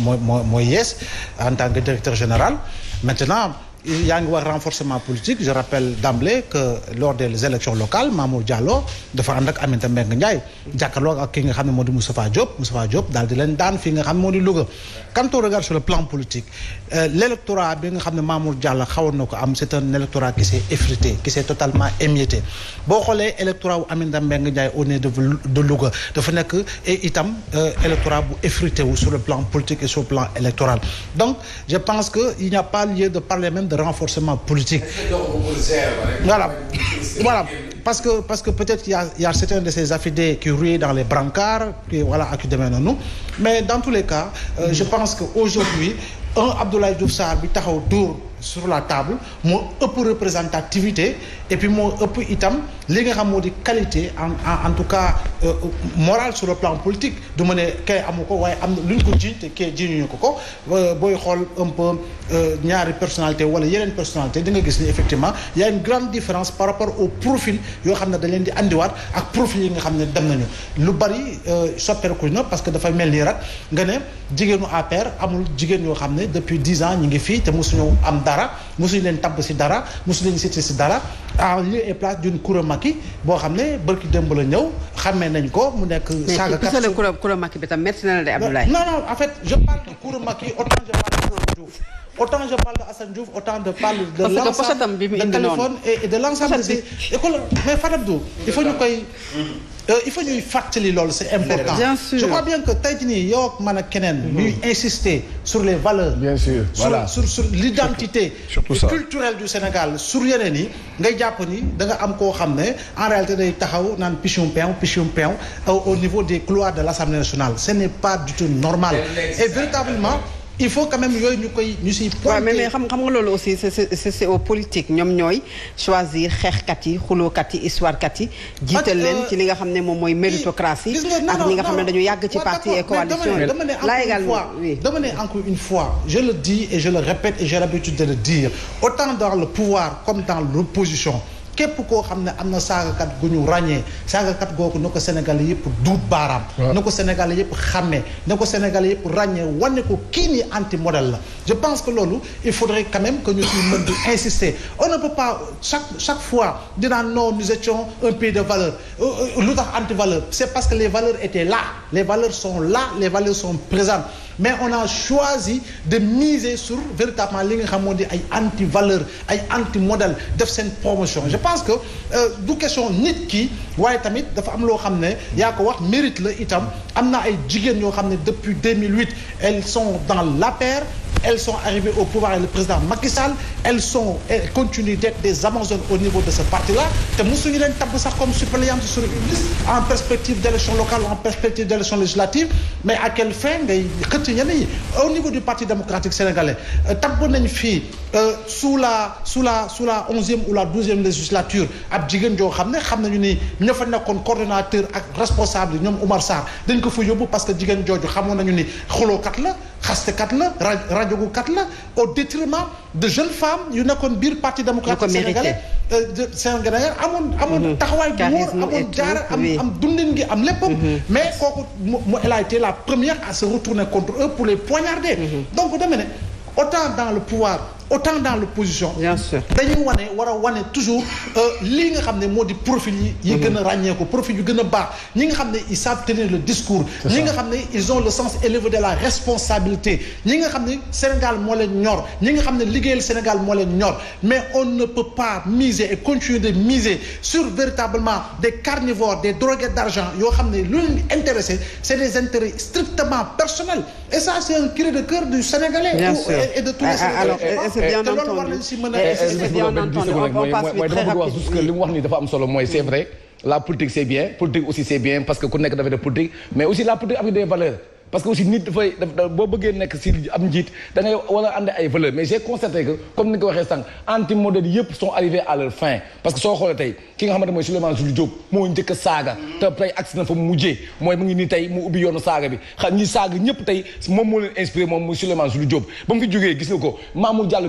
S4: moi, moi, moi, yes, en tant que directeur général, maintenant, yaa ngi wax renforcement politique je rappelle d'emblée que lors des élections locales Mamour Diallo dafa ànd ak Aminata Mbengue Ndiaye jàkkaarloo ak ki nga xam ne moo di Moustapha Diop Moustapha Diop daal di leen daan fii nga xam ne moo di Louga quand on sur le plan politique euh, l'électorat bi nga xam ne Mamour Diallo xawoon na ko am c'est un électorat qui s'est effrité qui s'est totalement émietté boo xoolee électorat wu Aminata Mbengue Ndiaye au nez de Louga euh, bu effrité wu sur le plan politique et sur le a renforcement politique. voilà voilà parce que parce que peut-être qu'il a il y a certains de ces affidés qui ruaient dans les brancards qui voilà ak yu demee noonu mais dans tous les cas euh, je pense que aujourd'hui un Abdoulaye Diouf Sarr taxaw dóor sur la table moo ëpp représentativité et puis moo ëpp itam. li nga xam moo di qualité en en tout cas euh, morale sur le plan politique du ma ne kay amu ko waaye am na lu ñu ko jiiñ te kay jiiñuñu ko ko euh, booy xool un peu euh, ñaari personnalité wala yeneen personnalité di nga gis ni effectivement y a une grande différence par rapport au profil yoo xam ne dañ leen di andiwaat ak profil yi nga xam ne dem nañu lu bari soppeeku na parce que dafay mel nii rek nga ne jigéenu APR amul jigéen yoo xam ne depuis dix ans ñu ngi fii te mosuñu am dara mosuñu leen tabb si dara mosu leen cité si dara en lieu et place d'une Kouramaki boo xam ne barki démb la ñëw xammee nañ ko mu nekk saaga kat mais
S2: Kouramaki bi tam en fait je parle de Kouramaki
S4: autant je parle de Diouf de Assane de l'ensemble de téléphone et de l'ensemble de ces écoles mais Fatou Abdou il faut ñu koy mm-hmm. Euh, il faut ñuy fàttali lool c'est important bien sûr. je crois bien que tey jii nii yow ak man ak keneen mhm. ñuy insister sur les valeurs bien sûr voilà sur sur l'identité culturelle du Sénégal sur yeneen yi ngay jàpp ni da nga am koo xam ne en réalité day taxaw naan pichum peew pichum peew euh, au niveau des couloirs de l'Assemblée
S2: nationale ce n'est pas du tout normal et véritablement il faut quand même yooyu ñu koy ñu siy pointé xam xam nga loolu aussi c'est c'est au politique ñoom ñooy choisir xeexkat yi xulookat yi yi jiital leen euh, ci li nga xam ne moom mooy méritocratie ak ñi nga xam ne dañu yàgg ci parti et coalition là également oui dama une fois je le dis et je le
S4: répète et j'ai l'habitude de le dire autant dans le pouvoir comme dans l'opposition képp koo xam ne am na saagakat gu ñu ràññee saagakat googu na ko Sénégal yëpp duut baaraam na ko Sénégal yëpp xàmmee na ko Sénégal yëpp ràññee wane ko kii nii anti modèle la je pense que loolu il faudrait quand même que ñu ci mën di insister fois dinaan non nous étions un pays de valeur euh, euh, lu tax anti valeur c'est parce que les valeurs étaient là les valeurs sont là les valeurs sont présentes mais on a choisi de miser sur véritablement li nga xam moo di ay anti valeur ay anti modèle def seen promotion je pense que euh, du question nit ki waaye tamit dafa am loo xam ne yaa ko wax mérite la itam am na ay jigéen yoo xam ne depuis 2008 elles sont dans la paire elles sont arrivées au pouvoir avec président Macky Sall elles sont elles continuent d'être des amazones au niveau de ce parti là te mosuñu leen tabb sax comme suppléante sur une en perspective d'élection locale en perspective d'élection législative mais à quelle fin ngay xëcc ñenn au niveau du parti démocratique sénégalais tabb nañ fii euh, sous la sous la sous la onzième ou la douzième législature ab jigéen joo xam ne xam nañu ni ña fa nekkoon coordonnateur ak responsable ñoom Oumar Sarr dañ ko fa yóbbu parce que jigéen jooju xamoon nañu ni xulookat la xastekat la rajogu kat la au détriment de jeunes femmes yu nekkoon biir parti démocratique sénégalais euh, sénégalais amoon amoon mhm. taxawaay bu wóor amoon jaara am am dundin gi am léppam mhm. mais kooku mu elle a été la première à se retourner contre eux pour les poignarder mhm. donc dama dans le pouvoir autant dans l'opposition bien sûr dañuy wane war a wane toujours euh, lii nga xam ne moo di profil yi yi mm-hmm. gën a ràññeeku profil yu gën a baax ñi nga xam ne ils savent tenir le discours ñi nga xam ne ils ont le sens élevé de la responsabilité ñi nga xam ne Sénégal moo leen ñor ñi nga xam ne liggéeyal Sénégal moo leen ñor mais on ne peut pas miser et continuer de miser sur véritablement des carnivores des drogués d'argent yoo xam ne lu leen intéressé c'est des intérêts strictement personnels et ça c'est un cri de cœur du Sénégalais
S1: c'est eh, bien entendu te loolu war nañ si mën a. Eh, eh, c'est bien entendu on passe muy très rapide li mu wax nii dafa am solo mooy c'est vrai la politique c'est bien politique aussi c'est bien parce que ku nekk dafa def politique mais aussi la politique am des valeurs parce que aussi nit dafay daf boo bëggee nekk si am njiit da ngay a ànd ay valeur mais j'ai constaté que comme ni nga ko waxee sànq anti modèle yëpp sont arrivés à leur fin parce que soo xoolee tey ki nga xamante mooy Souleymane Jules Diop moo njëkk a saaga mm-hmm. te tey agsi na fa mu mujjee mooy mu ngi nii tey mu ubbi yoonu saaga bi xam ñi saaga moo leen inspiré moom muy Souleymane gis nga ko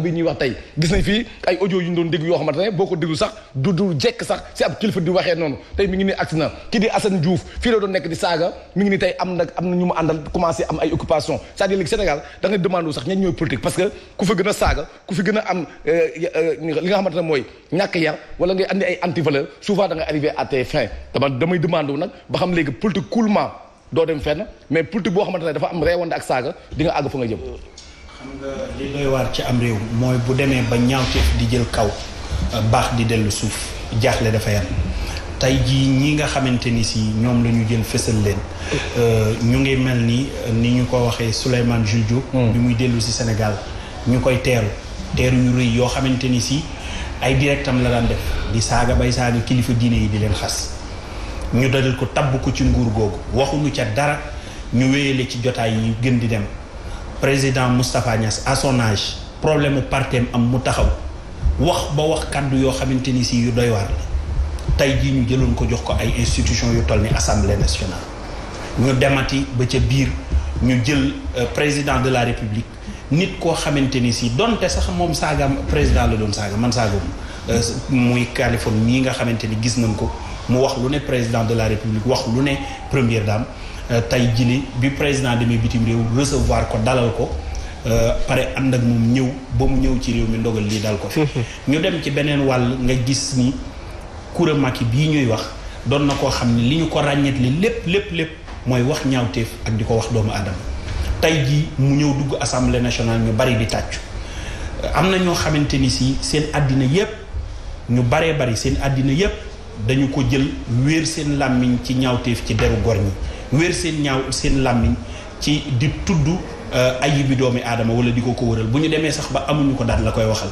S1: bi ñuy wax tey gis nañ fii ay audio yu yoo xamante ne boo ko déglu sax du du jekk sax si ab kilifa di waxee noonu tey mi ngi na ki commencé am ay occupation c'est-à-dire léegi Sénégal da nga demande sax ñan ñooy politique parce que ku fa gën a saaga ku fi gën a am euh, euh, li nga xamante ne mooy ñàkk yar wala ngay andi ay anti valeur souvent da nga arrivé à tes fins damay demande wu nag ba xam léegi politique coolement doo dem fenn mais politique boo xamante ne dafa am reewande ak saaga dinga nga àgg fa nga jëm xam
S3: nga li ci am réew mooy bu demee ba ñaawteef di jël kaw baax di dellu suuf jaaxle dafay am tey jii ñi nga xamante ni si ñoom la ñu jël fësal leen euh, ñu ngi mel ni ni ñu ko waxee Souleymane Jules Diop mm. bi muy dellu si senegal ñu koy teeru teeru yu rëy yoo xamante ni si ay directam la laan def di saaga bay saaga kilifa diine yi di leen xas ñu dalal ko tabb ko ci nguur googu waxuñu ca dara ñu wéyale ci jotaay yi gën di dem président Moustapha Niass à problème mu am mu taxaw wax ba wax kàddu yoo xamante ni si yu doy waar la tey jii ñu jëloon ko jox ko ay institution yu toll ni assemblée nationale ñu demati ba ca biir ñu jël euh, président de la république nit koo xamante ni si donte sax moom saagaam président la doon saaga man saagam euh, muy Californie mii nga xamante ni gis nañ ko mu wax lu ne président de la république wax lu ne première dame euh, tey jii bi président de demee bitim réew recevoir ko dalal ko pare ànd ak moom ñëw ba mu ñëw ci réew mi ndogal lii dal ko fi ñu dem ci nga gis ni Coura Macky bii ñuy wax doon na koo xam ne li ñu ko ràññeet li lépp lépp lépp mooy wax ñaawteef ak di ko wax doomu aadama tey jii mu ñëw dugg assemblée nationale ñu bari di tàccu am na ñoo xamante ni si seen àddina yépp ñu baree bari seen àddina yépp dañu ko jël wéer seen làmmiñ ci ñaawteef ci deru gor ñi wéer seen ñaaw seen làmmiñ ci di tudd euh, ayibi doomi aadama wala di ko ko wëral bu ñu demee sax ba amuñu ko daal la koy waxal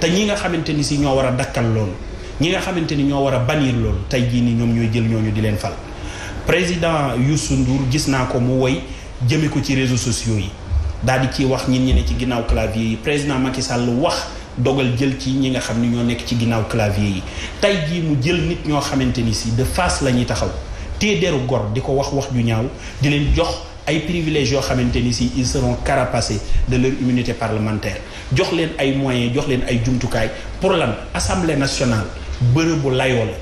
S3: te ñi nga xamante ni si ñoo war a dakkal loolu ñi nga xamante ni ñoo war a bannir loolu tey jii ni ñoom ñooy jël ñooñu di leen fal président Youssou Ndour gis naa ko mu woy jëme ko ci réseau sociaux yi daal di ciy wax ñin ñi ne ci ginnaaw clavier yi président Macky Sall wax dogal jël ci ñi nga xam ni ñoo nekk ci ginnaaw clavier yi tey jii mu jël nit ñoo xamante ni si de face la ñuy taxaw tée deru gor di ko wax wax ju ñaaw di leen jox ay privilèges yoo xamante ni si ils seront carapacés de leur immunité parlementaire jox leen ay moyens jox leen ay jumtukaay pour lan assemblée nationale bërëbu layoo la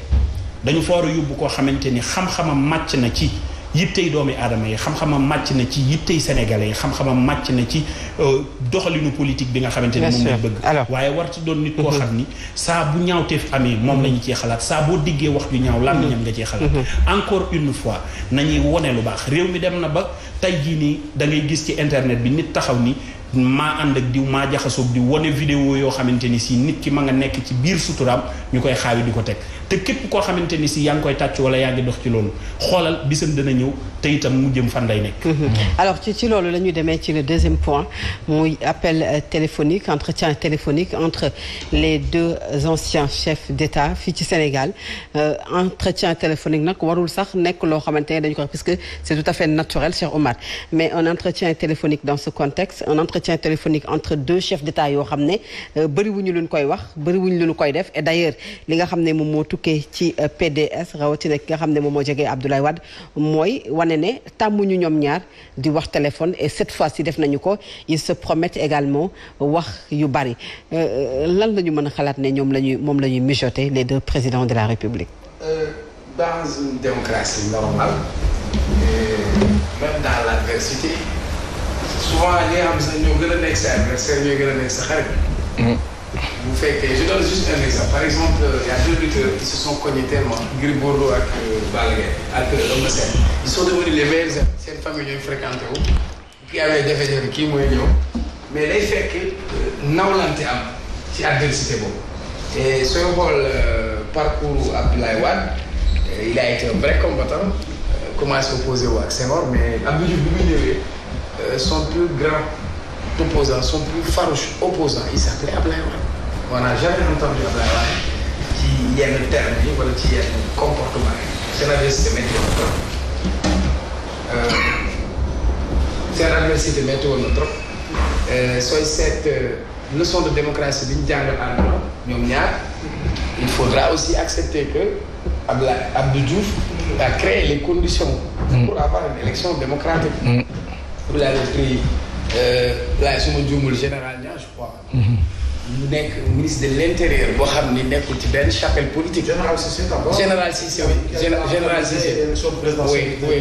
S3: dañu fa war a yóbbu koo xamante ni xam-xamam màcc na ci yittey doomi aadama yi xam-xamam màcc na ci yittey sénégale yi xam-xamam màcc na ci euh, doxalinu politique bi nga xamante ni moom lañ waaye war ci doon nit koo xam ni saa bu ñaawteef amee moom la ñu ciy xalaat saa boo diggee wax ju ñaaw lan ñam nga ciy xalaat mhm. encore une fois nañuy wone lu baax réew mi dem na ba tey jii nii da ngay gis ci internet bi nit taxaw nii maa ànd ak diw maa jaxasoog diw wane vidéo yoo xamante ni si nit ki ma nga nekk ci biir suturaam ñu koy xaawi di ko teg te képp koo xamante ni si yaa ngi koy tàcc wala yaa ngi dox ci loolu xoolal bisam dana ñëw te itam mu jëm fan lay nekk. Mhm.
S2: Mm-hmm. alors ci ci loolu la ñuy demee ci le deuxième point muy appel euh, téléphonique entretien téléphonique entre euh, téléphonique nag warul sax nekk loo xamante ne dañu ko parce que c'est tout à fait naturel cher Omar mais un entretien téléphonique entre deux chefs d'État yoo xam ne euh, bëri wuñu luñ koy wax bariwuñu lu luñ koy def et d'ailleurs li nga xam ne moom moo tukkee ci euh, PDS rawatina ki nga xam ne moom moo jegee Abdoulaye Wade mooy wane ne tàmmuñu ñoom ñaar di wax téléphone et cette fois ci def nañu ko ils se promettent également wax yu bari euh, lan la mën a xalaat ne ñoom la ñuy moom la ñuy mijoter les deux présidents de la République.
S1: souvent ñi nga xam sax ñoo gën a nekk sa adversaire ñooy gën a nekk bu mm. fekkee je donne juste un exemple par exemple y a deux lutteurs qui se sont cognés tellement Gris Bordeaux ak euh, Balla Gaye ak euh, Eumeu Sène ils sont devenus les meilleurs amis seen famille ñooy ki amee jafe-jafe kii mooy ñëw mais day fekk euh, nawlante am si adversité boobu te sooy xool parcours Abdoulaye Wade il a été un vrai combattant commencé opposé wu ak Senghor mais Abdou Diouf bi muy ñëwee Euh, son plus grand opposant son plus farouche opposant il s'appelait Ablaye Wade on n'a jamais entendu Ablaye Wade ci yenn termes yi wala ci yenn comportement yi seen adversité métti woon trop seen adversité métti woon na trop sooy seet euh, leçon de démocratie bi ñu jàngal àndona ñoom ñaar il faudra aussi accepter que Abla Abdou Diouf a créé les conditions mm. pour avoir une élection démocratique mm. il avait pris laay suma juumul général Niang je crois. mu nekk ministre de l' intérieur boo xam ni nekkul ci benn chapelle politique. général Cissé d'abord général Cissé oui. général Cissé oui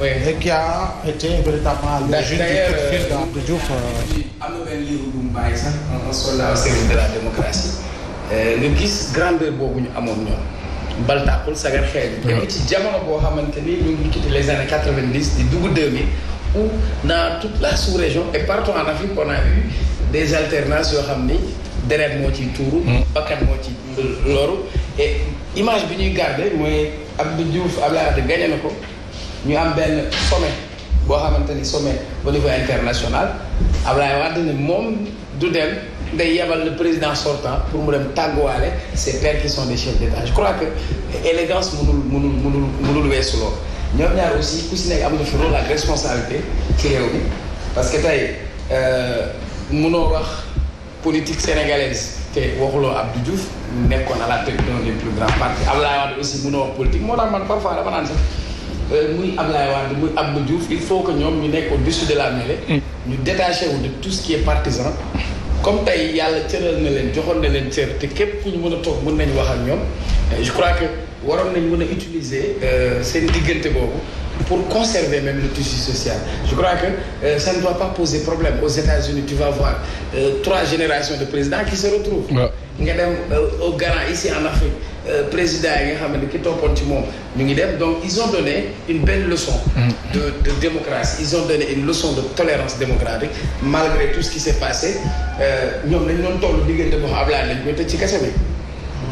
S4: oui qui a
S1: été véritablement le juge du euh, perfil euh. am na benn livre de la démocratie. Euh, nga gis grandeur boobu ñu amoon ñoom. baltaakul sagar xeeñ. te ci jamono boo xamante ni ñu ngi quitté les années quatre vingt dix di dugg deux ou dans toute la sous-région et partout en Afrique on a eu des alternances yoo xam ni deret moo ciy tuuru hmm. bakkan moo ci loru et image bi ñuy garder mooy Abdou Diouf Abdoulaye Wade gagné na ko ñu am benn sommet boo xamante ni sommet au niveau international Abdoulaye Wade moom du dem day yebal le président sortant pour mu dem tàgguwaale ses pères qui sont des chefs d'État je crois que élégance mënul mënul mënul mënul weesu loolu ñoom ñaar aussi ku si nekk am na fi rôle ak responsabilité ci réew mi parce que tey euh, munoo wax politique sénégalaise te waxuloo juuf Diouf nekkoon à la tête d'un des plus grands partis Abdoulaye Wade aussi mënoo wax politique moo tax man parfois dama naan sax euh, muy Abdoulaye Wade muy Abdou Diouf il faut que ñoom ñu nekkoon au-dessus de la mm. ñu détaché wu de tout ce partisan. comme tey yàlla cëral na leen joxoon na leen cër te képp ku ñu mën a toog mën nañ wax ak ñoom je crois que waroon nañ mën a utiliser euh, seen diggante boobu pour conserver même le tissu social je crois que euh, ça ne doit pas poser problème aux États-Unis tu vas euh, trois générations de présidents qui se retrouvent nga dem euh, au Ghana ici en Afrique euh, président yi nga xam ne ki toppoon ci moom mu ngi dem donc ils ont donné une benn leçon de de démocratie ils ont donné une leçon de tolérance démocratique malgré tout ce qui s'est passé euh, ñoom lañ doon toll diggante boo xam Ablaye lañ koy tëj ci kese bi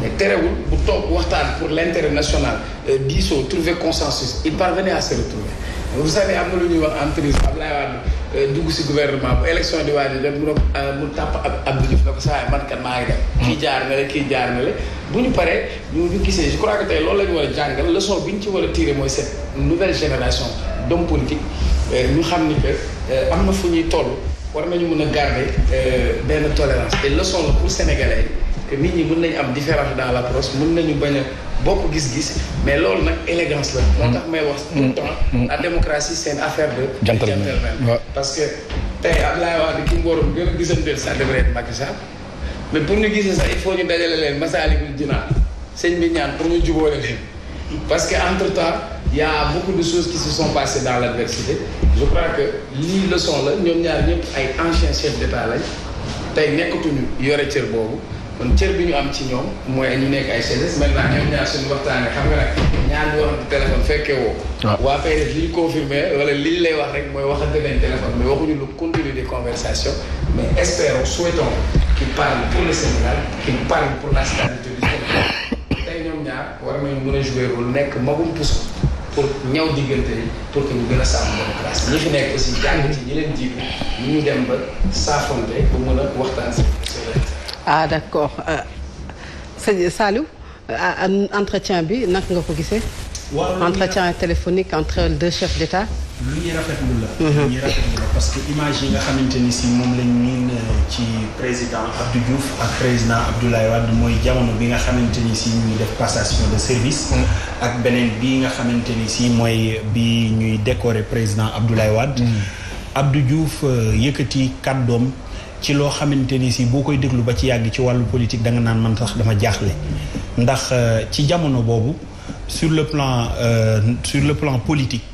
S1: mais terewul bu toog waxtaan pour l'intérêt national diisoo trouver consensus il parvenait à se retrouver vous savez am na lu ñuy wax entreprise Ablaye Wade Euh, dugg si gouvernement bu élection di waaj a dem mu doon euh, mu tàpp ab Abdou Diouf na ko saa man kat maa ngi hmm. kii jaar na la kii jaar na la bu ñu paree ñu ñu gisee je crois que tey loolu la ñu war a jàngal leçon bi ñu ci war a tirer mooy cette nouvelle génération d'hommes politiques euh, ñu xam ni que am na fu ñuy toll war nañu mun a garder benn tolérance. te leçon la pour sénégalais que nit ñi mun nañu am différence dans l'approche mën nañu bañ a bokk gis-gis mais loolu nag élégance la. moo tax may wax tout le mm. temps. Mm. la démocratie affaire de. gentleman parce que tey Abdoulaye Wade ki mu waroon gën a gisanteel ça devrait être mais pour ñu gisee sax il faut ñu dajale leen Masaalikul Jinaan sëñ bi ñaan pour ñu jubóole leen parce que entre temps y a beaucoup de choses qui se sont passées dans l'adversité je crois que lii leçon la ñoom ñaar ñëpp ay anciens chefs d'État lañ tey nekkatuñu yore cër boobu. kon cër bi ñu am ci ñoom mooy ñu nekk ay CDS maintenant ñoom ñaar suñu waxtaanee xam nga nag ñaar ñu waxante téléphone fekkee woo. waaw ah. waa PDS li ñu confirmé wala li lay wax rek mooy waxante nañ téléphone mais waxuñu lu continue des conversations mais espérons souhaitons qu'ils parlent pour le Sénégal qu'ils parlent pour la stabilité du Sénégal tey ñoom ñaar war nañu mën a jouer rôle nekk magum puso pour ñaw diggante yi pour que ñu gën a sàmm démocratie ñi fi nekk aussi jàng ci ñi leen jiitu ñu dem ba saafonte bu mën a waxtaan
S2: ah d' accord euh, sëñ Saliou euh, entretien bi naka nga ko gisee. entretien téléphonique entre deux chefs d' état.
S3: lu ñuy rafetlu la. Mhm. lu ñuy rafetlu la parce que image yi nga xamante ni si moom lañ miin euh, ci président Abdou Diouf ak président Abdoulaye Wade mooy jamono bi nga xamante ni si ñuy def passation de service. Mhm. ak beneen bi nga xamante ni si mooy bi ñuy décorer président Abdoulaye Wade. Mhm. Abdou Diouf yëkkati doom ci loo xamante ni si boo koy déglu ba ci yàgg ci wàllu politique da nga naan man sax dama jaaxle ndax euh, ci jamono boobu sur le plan euh, sur le plan politique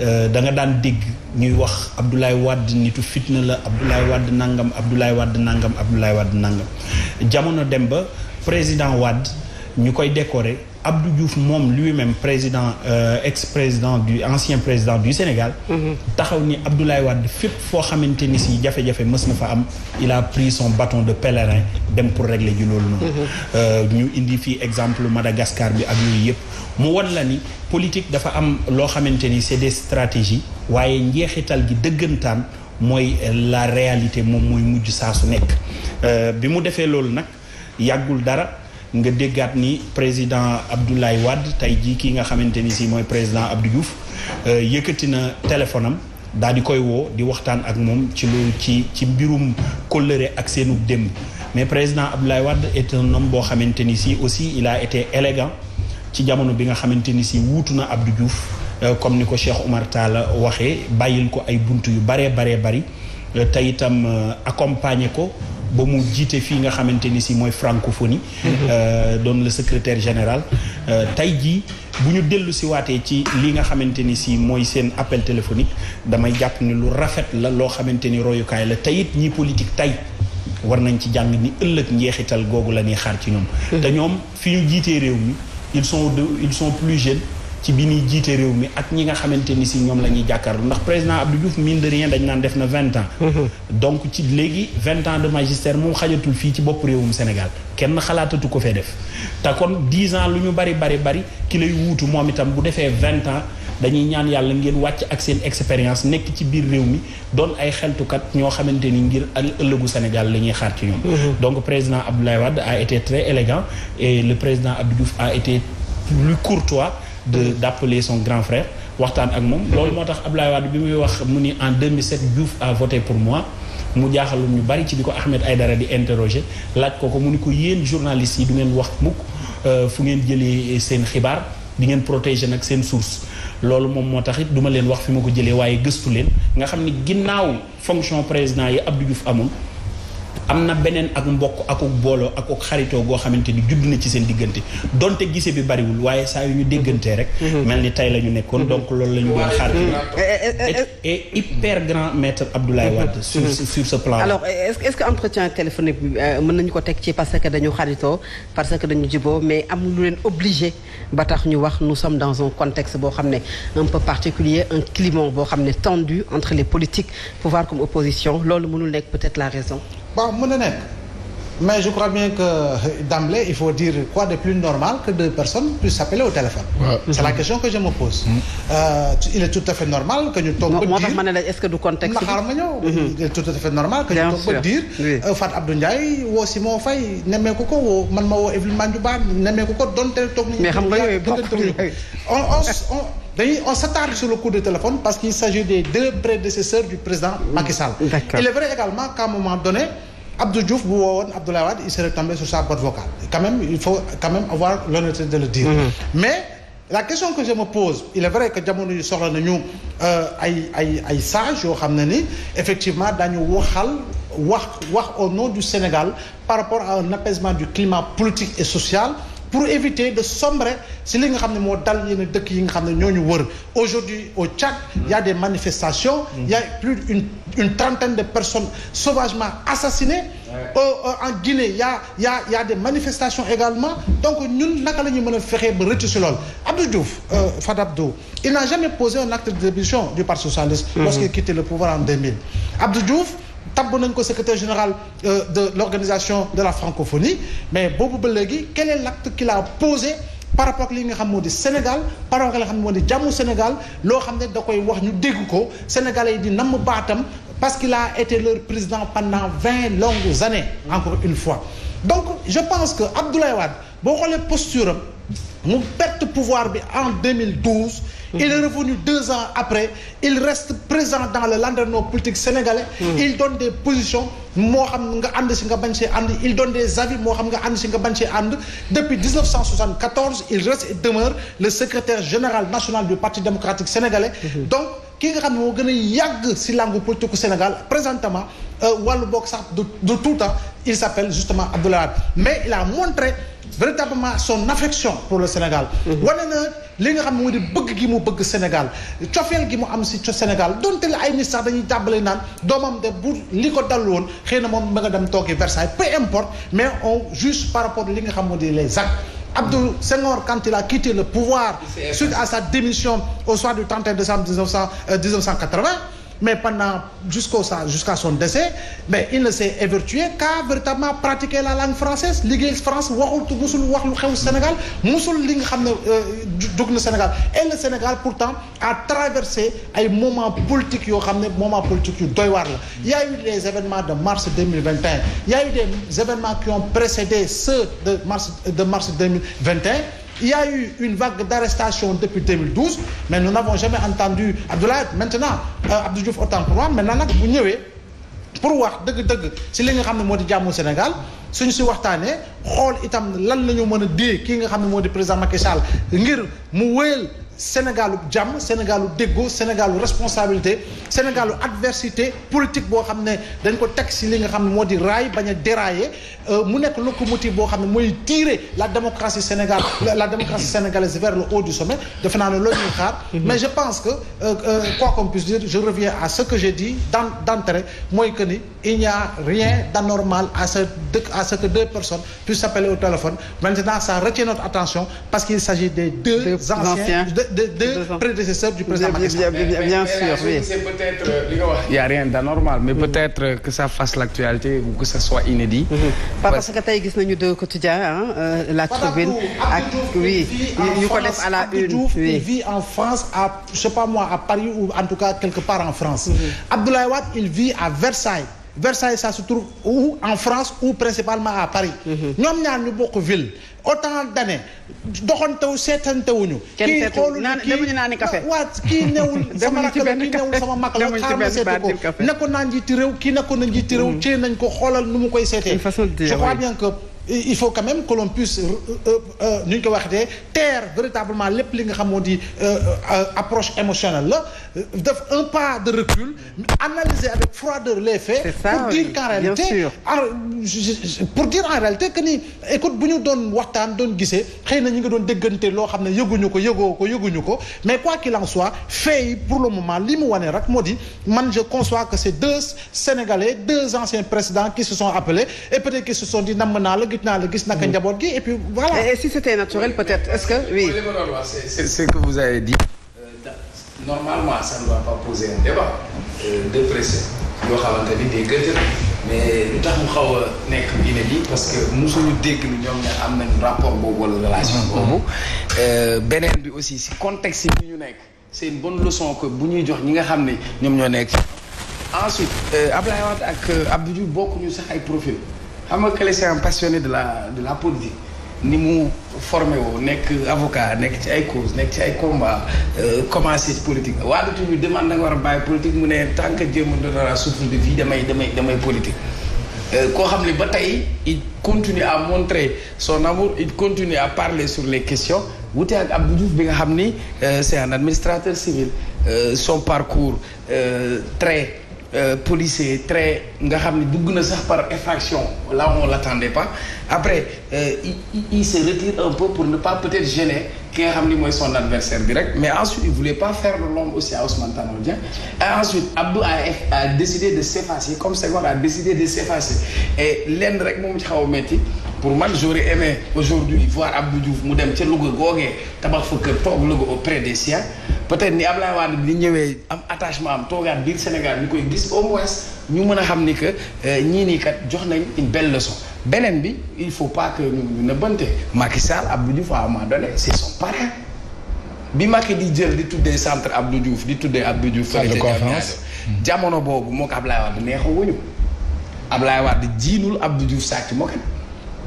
S3: euh, da nga daan dégg ñuy wax Abdoulaye Wade nitu fitna la Abdoulaye Wade nangam Abdoulaye Wade nangam Abdoulaye Wade nangam jamono dem ba président Wade ñu koy décorer. Abdou Diouf moom lui-même président euh, ex-président du ancien président du Sénégal mhm. taxaw ni Abdoulaye Wade fépp foo xamante ni si jafe-jafe mës na fa am il a pris son de pèlerin dem pour régler ji loolu noonu mhm. euh, ñu indi fii exemple Madagascar bi ak yooyu yëpp mu wan la ni politique dafa am loo xamante ni c'est des stratégies waaye njeexital gi dëggantaan mooy la réalité moom mooy mujj saa su nekk euh, bi mu defee loolu nag yàggul dara nga déggaat ni président Abdoulaye Wade tey jii kii nga xamante ni si mooy président Abdou Diouf euh, yëkkati na téléphone am daal di koy woo di waxtaan ak moom ci lu ci ci mbirum kóllëre ak seenu démb mais président Abdoulaye Wade est un boo xamante ni si aussi il a été élégant ci jamono bi nga xamante ni si wuutu na Abdou Diouf euh, comme ni ko Cheikh Oumar Tall waxee bàyyil ko ay bunt yu baree baree bari euh, tey itam accompagner ko ba mu jiitee fii nga xamante ni si mooy francophonie mhm. euh, don le secretaire général euh, tey jii bu ñu dellu si waatee ci li nga xamante ni si mooy seen appel téléphonique damay jàpp ni lu rafet la loo xamante ni royukaay la tey it ñi politique tey war nañ ci jàng ni ëllëg njeexital googu la ñuy xaar ci ñoom mhm. te ñoom fi ñu jiitee réew mi ils sont de ils sont plus jeunes ci bi ñuy jiite réew mi ak ñi nga xamante ni si ñoom la ñuy jàkkaarloo ndax président Abdou Diouf mine de rien dañ def na vingt ans. Mhm. donc ci léegi vingt ans de magistère moom xajatul fii ci bopp réewum Sénégal kenn xalaatatu ko fee def. te kon dix ans lu ñu bari bari bari ki wuutu moom itam bu defee vingt ans dañuy ñaan yàlla ngeen wàcc ak seen expérience nekk ci biir réew mi doon ay xeltukat ñoo xamante ni ngir ëllëgu Sénégal la ñuy xaar ci ñoom. Mhm. donc président Abdoulaye Wade a été très élégant et le président Abdou a été plus courtois. de d'appeler son grand frère waxtaan ak moom loolu moo tax Abdoulaye Wade bi muy wax mu ni en 2007 Diouf a voté pour moi mu jaaxal ñu bari ci bi ko Ahmed Aïdara di interroger laaj ko ko mu ni ko yéen journalistes yi du ngeen wax mukk euh, fu ngeen jëlee seen xibaar di ngeen protéger nag seen source loolu moom moo tax it du leen wax fu ma ko jëlee waaye gëstu leen nga xam ni ginnaaw fonction président yi Abdou Diouf amoon am na beneen ak mbokk akuk booloo akuk xaritoo goo xamante ni judd na ci seen diggante donte gise bi bariwul waaye saa yu ñu déggantee rek mm-hmm. Mm-hmm. mel ni tey la ñu nekkoon mm-hmm. donc loolu la ñu doon xaar eh, eh, eh, et hyper grand maître Abdoulaye Wade sur sur ce plan alors
S2: est-ce que entretien téléphonique bi euh, mën nañu ko teg ci parce que dañu xaritoo parce que dañu juboo mais am lu leen obligé ba tax ñu wax nous sommes dans un contexte boo xam ne un peu particulier un climat boo xam ne tendu entre les politiques pouvoir comme opposition loolu mënul nekk peut-être la raison waaw mën na nekk
S4: mais je crois bien que euh, d'emblée il faut dire quoi de plus normal que deux personnes puissent s'appeler au téléphone. c'est la question que je me pose. Mm. Euh, il est tout à fait normal que ñu toog dire moo tax ma ne
S2: la est-ce que du contexte. xaar ma ñëw. il
S4: que ñu toog ba dire. Euh, ko man ma woo Evelyne Mandiou Ba nemmeeku on s'attarde sur le coup de téléphone parce qu'il s'agit des deux prédécesseurs du président Macky il est vrai également qu'à moment donné. Abdou Diouf bu woowoon Abdoulaye Wade il serait sur sa boîte vocale quand même il faut quand même avoir l'honnêteté de le dire mhm. mais la question que je me pose il est vrai que jamono yi soxla nañu euh, ay ay ay sages yoo xam ne ni effectivement dañu waxal wax wax au nom du Sénégal par rapport à un apaisement du climat politique et social pour éviter de sombrer si li nga xam ne moo dal yenn dëkk yi nga xam ne ñoo ñu wër aujourd'hui au Tchad il des manifestations mm. il plus d'une une trentaine de personnes sauvagement assassinées ouais. euh, euh, en Guinée il y a des manifestations également donc ñun naka la ñuy mën a fexee ba rëcc si lool Abdou Diouf euh, Fat Abdou il n'a jamais posé un acte de démission du Parti socialiste mm. lorsqu'il quittait le pouvoir en 2000 Abdou Diouf tabb nañ ko secrétaire général euh, de l'organisation de la francophonie mais boobu ba léegi quel est l'acte qu'il a posé par rapport ak li nga xam moo di Sénégal par rapport ak li xam moo di jàmmu Sénégal loo xam ne da koy wax ñu dégg ko Sénégalais yi di namm baatam parce qu'il a été leur président pendant vingt longues année encore une fois donc je pense que Abdoulaye Wade boo xoolee posture mu perte pouvoir bi en 2012 il est revenu deux ans après il reste présent dans le landerneau politique hmm. des positions moo xam nga ànd si nga bañ see ànd il des avis moo xam nga ànd si nga bañ see ànd depuis 1974 il reste et demeure le secrétaire général national du parti démocratique sénégalais hmm. donc ki nga xam ne gën yàgg si langue politique Sénégal présentement euh, wàllu bokk sax de tout temps il s'appelle justement Abdoulaye Wade mais il a montré véritablement son affection pour le Sénégal. Mhm. wane li nga xam ne moo di bëgg gi mu bëgg Sénégal cofeel gi mu am si Sénégal donte la ay nit dañuy tàmbali naan doomam de bu li ko dallu woon xëy na moom ma nga dem toogi Versailles peu importe mais on juge par rapport li nga xam moo di les actes. Abdou Senghor quand il a quitté le pouvoir suite à sa démission au soir du 31 décembre mais pendant jusqu'au jusqu'à son décès mais il ne s'est évertué qu'à véritablement pratiquer la langue française liggéey France waxul musul wax lu xew Sénégal musul li nga xam ne dugg euh, na Sénégal et le Sénégal pourtant a traversé ay moments politiques yoo xam ne moments politiques yu doy waar la il y a eu des événements de mars 2021 il y a eu des événements qui ont précédé ceux de mars de mars 2021 Il y a eu une vague d'arrestations depuis 2012 mais nous n'avons jamais entendu Abdoulaye maintenant euh, Abdou Diouf autant pour moi maintenant nag bu ñëwee pour wax dëgg-dëgg si li nga xam ne moo di jàmmu Sénégal suñu si waxtaanee xool itam lan la ñu mën a dee kii nga xam ne moo di président Macky Sall ngir mu wéyal Sénégalu jàmm Sénégalu déggoo Sénégalu responsabilité Sénégalu adversité politique boo xam ne dañ ko teg si li nga xam ne moo di raay bañ a euh, mu nekk locomotive boo xam ne mooy tirer la démocratie sénégalaise la démocratie sénégalaise vers le haut du sommet defe naa ne loolu ñuy xaar. Mhm. mais je pense que euh, euh, quoi qu'on puisse dire je reviens à ce que j'ai dit d'entrée mooy que ni il n'y a rien d'anormal à ce à ce que deux personnes puissent s'appeler au téléphone parce qu'il s'agit de de prédécesseurs du président Macky Sall. bien sûr oui. c'est
S1: euh, a rien d'anormal mais peut-être euh, que ça fasse l'actualité ou que ça soit inédit. Mhm.
S2: pas parce que tey gis nañu deux quotidiens ah la tribune oui ñu ko def à la une. il
S4: vit en France à je sais pas moi à Paris ou en tout cas quelque part en France. Mhm. Abdoulaye à Versailles. Versailles ça se trouve ou en France ou principalement à Paris. Mhm. ñoom ñaar ñu bokk ville. autant d'années doxantew seetantewuñu. kenn seetu naan demuñu naani café kii xoolul kii kii newul. sama rakk la kii newul sama mag la xaar ma seeti ko nekkoon naa njiiti réew kii nekkoon na njiiti réew. Mhm. cee nañ ko xoolal nu mu koy seetee. je crois bien il faut quand même que l'on puisse euh, euh, euh, nu ñu ko waxatee teer véritablement lép li nga xam moo di approche émotionnelle la def un pas de recul analyser avec froideur les faits ça, pour dire oui, qu'en réalité ah, en réalité que ni écoute bu ñu doon waxtaan doon gisee xëy na ñu ngi doon déggante loo xam ne yëguñu ko yëgoo ko yëguñu ko mais quoi qu'il en soit fait yi pour le moment li mu wane rek moo di man je conçois que c'est deux Sénégalais deux anciens présidents qui se sont appelés et peut naa la gis naka mm. njaboot gi et puis voilà. et, et si c'était naturel peut-être est-ce
S1: que oui. c'est que vous avez dit. Euh, normalement ça ne doit pas poser un débat euh, de presse yoo xamante ni day gëj mais lu tax xaw a nekk diine ji parce que mosuñu dégg ni ñoom ñaar am nañ rapport boobu wala relation mm-hmm. boobu euh, beneen bi aussi si contexte yi ñu nekk c'est une bonne leçon que bu ñuy jox ñi nga xam ne ñoom ñoo nekk ensuite Abdoulaye Wade ak Abdou Diouf bokkuñu sax ay profil xam nga kële c'est un passionné de la de la politique ni mu formé woo nekk avocat nekk ci ay cause nekk ci ay combat euh, commencé ci politique waa datu bi demande da nga war a bàyyi politique mu ne tant que jéem a donnera souffle de vie damay damay damay politique euh, koo xam ne ba tey il continue à montrer soo amour il continue à parler sur les questions wute ak Abdou Diouf bi nga xam ni euh, c'est un administrateur civil son parcours très Euh, policier très nga xam ne dugg na sax par la là la l'attendait pas après euh, il se retire un peu pour ne pas peut-être gêner ki nga xam ni mooy son adversaire rek mais ensuite il voulait pas faire de aussi à Ousmane Tanor Dieng et ensuite Abdou a décidé de s'effacer comme Senghor a décidé de s'effacer et lenn rek moom ci xaw a metti pour man j'aurais aimé aujourd'hui voir Abdou Diouf mu dem ca Louga googee tabax fa kër toog Louga près des siens peut-être ab Ablaye Wade di ñëwee am attachement am toogaat biir Sénégal ñu koy gis au moins ñu mën a xam ni que euh, ñii nii kat jox nañ une belle leçon beneen bi il faut pas que ñu na bante Macky Sall Abdou Diouf à un moment donné bi Macky di jël di tuddee centre Abdou Diouf di tuddee ab Diouf fële ca conférence jamono boobu moo ko Ablaye Wade neexoo wuñu Ablaye Wade jiinul Abdou Diouf sàcc moo kenn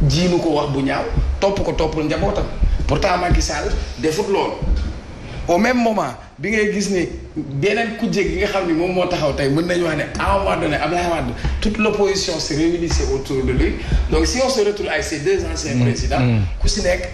S1: jiinu ko wax bu ñaaw topp ko toppul njabootam pourtant Macky Sall defut loolu au même moment bi ngay gis ni beneen kujje gi nga xam ni moom moo taxaw tey mën nañu wax ne à un moment donné Abdoulaye Wade toute l' opposition se réunissait autour de lui donc si on se retrouve avec ces deux anciens mm. présidents mm. ku si nekk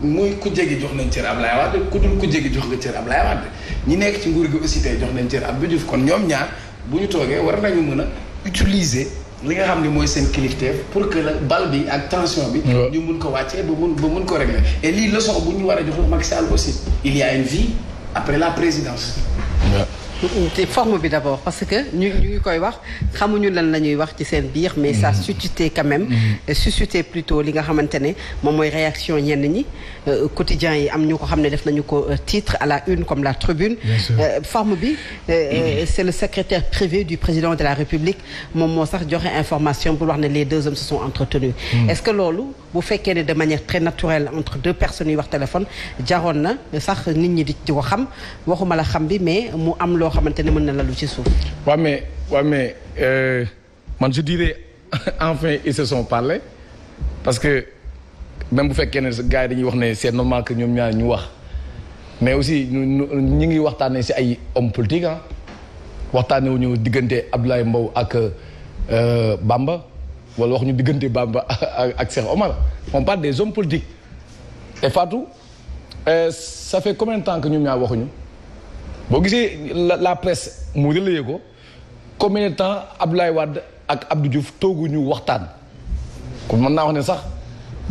S1: muy kujje gi jox nañ cër Abdoulaye Wade ku dul ku gi jox nga cër Abdoulaye Wade ñi nekk ci nguur gi aussi tey jox nañ cër Abdou Diouf kon ñoom ñaar bu ñu toogee war nañu mën a utiliser li nga xam ne mooy seen kilifteef pour que la bal bi ak tension bi. ñu mun ko wàccee ba mun ba mun ko régler. et lii leçon bu ñu war a jox Macky Sall aussi il y a après la présidence.
S2: forme bi d'abord parce que ñu ñu ngi koy wax xamuñu lan la ñuy wax ci seen biir mais ça mm-hmm. suscité quand même mm-hmm. euh, suscité plutôt li nga xamante ne moom mooy réaction ñenn ñi euh, quotidien yi am ñu ko xam ne def nañu ko euh, titre à la une comme la tribune forme bi mm-hmm. c'est le secrétaire privé du président de la république moom moo sax joxe information pour wax ne les deux hommes se sont entretenus mm. est-ce que loolu bu fekkee ne de manière très naturelle entre deux personnes yu wax téléphone jaroon na sax nit ñi di di ko xam waxuma la xam bi mais mu am loo xamante ne mën na lalu ci suuf. waaw
S1: mais waaw mais euh, man je dirais enfin ils se sont parlé parce que même bu fekkee ne gars yi dañuy wax ne c'est normal que ñoom ñaar ñu wax mais aussi ñu ngi waxtaanee si ay hommes politiques ah waxtaanee wu ñu diggante Abdoulaye Mbow ak euh, Bamba. wala wax ñu diggante Bamba ak Cheikh Omar on parle des hommes politiques et Fatou euh, ça fait combien de temps que ñu ñaar waxuñu boo gisee la presse mu relayé ko combien de temps Abdoulaye Wade ak Abdou Diouf tooguñu waxtaan kon mën naa wax ne sax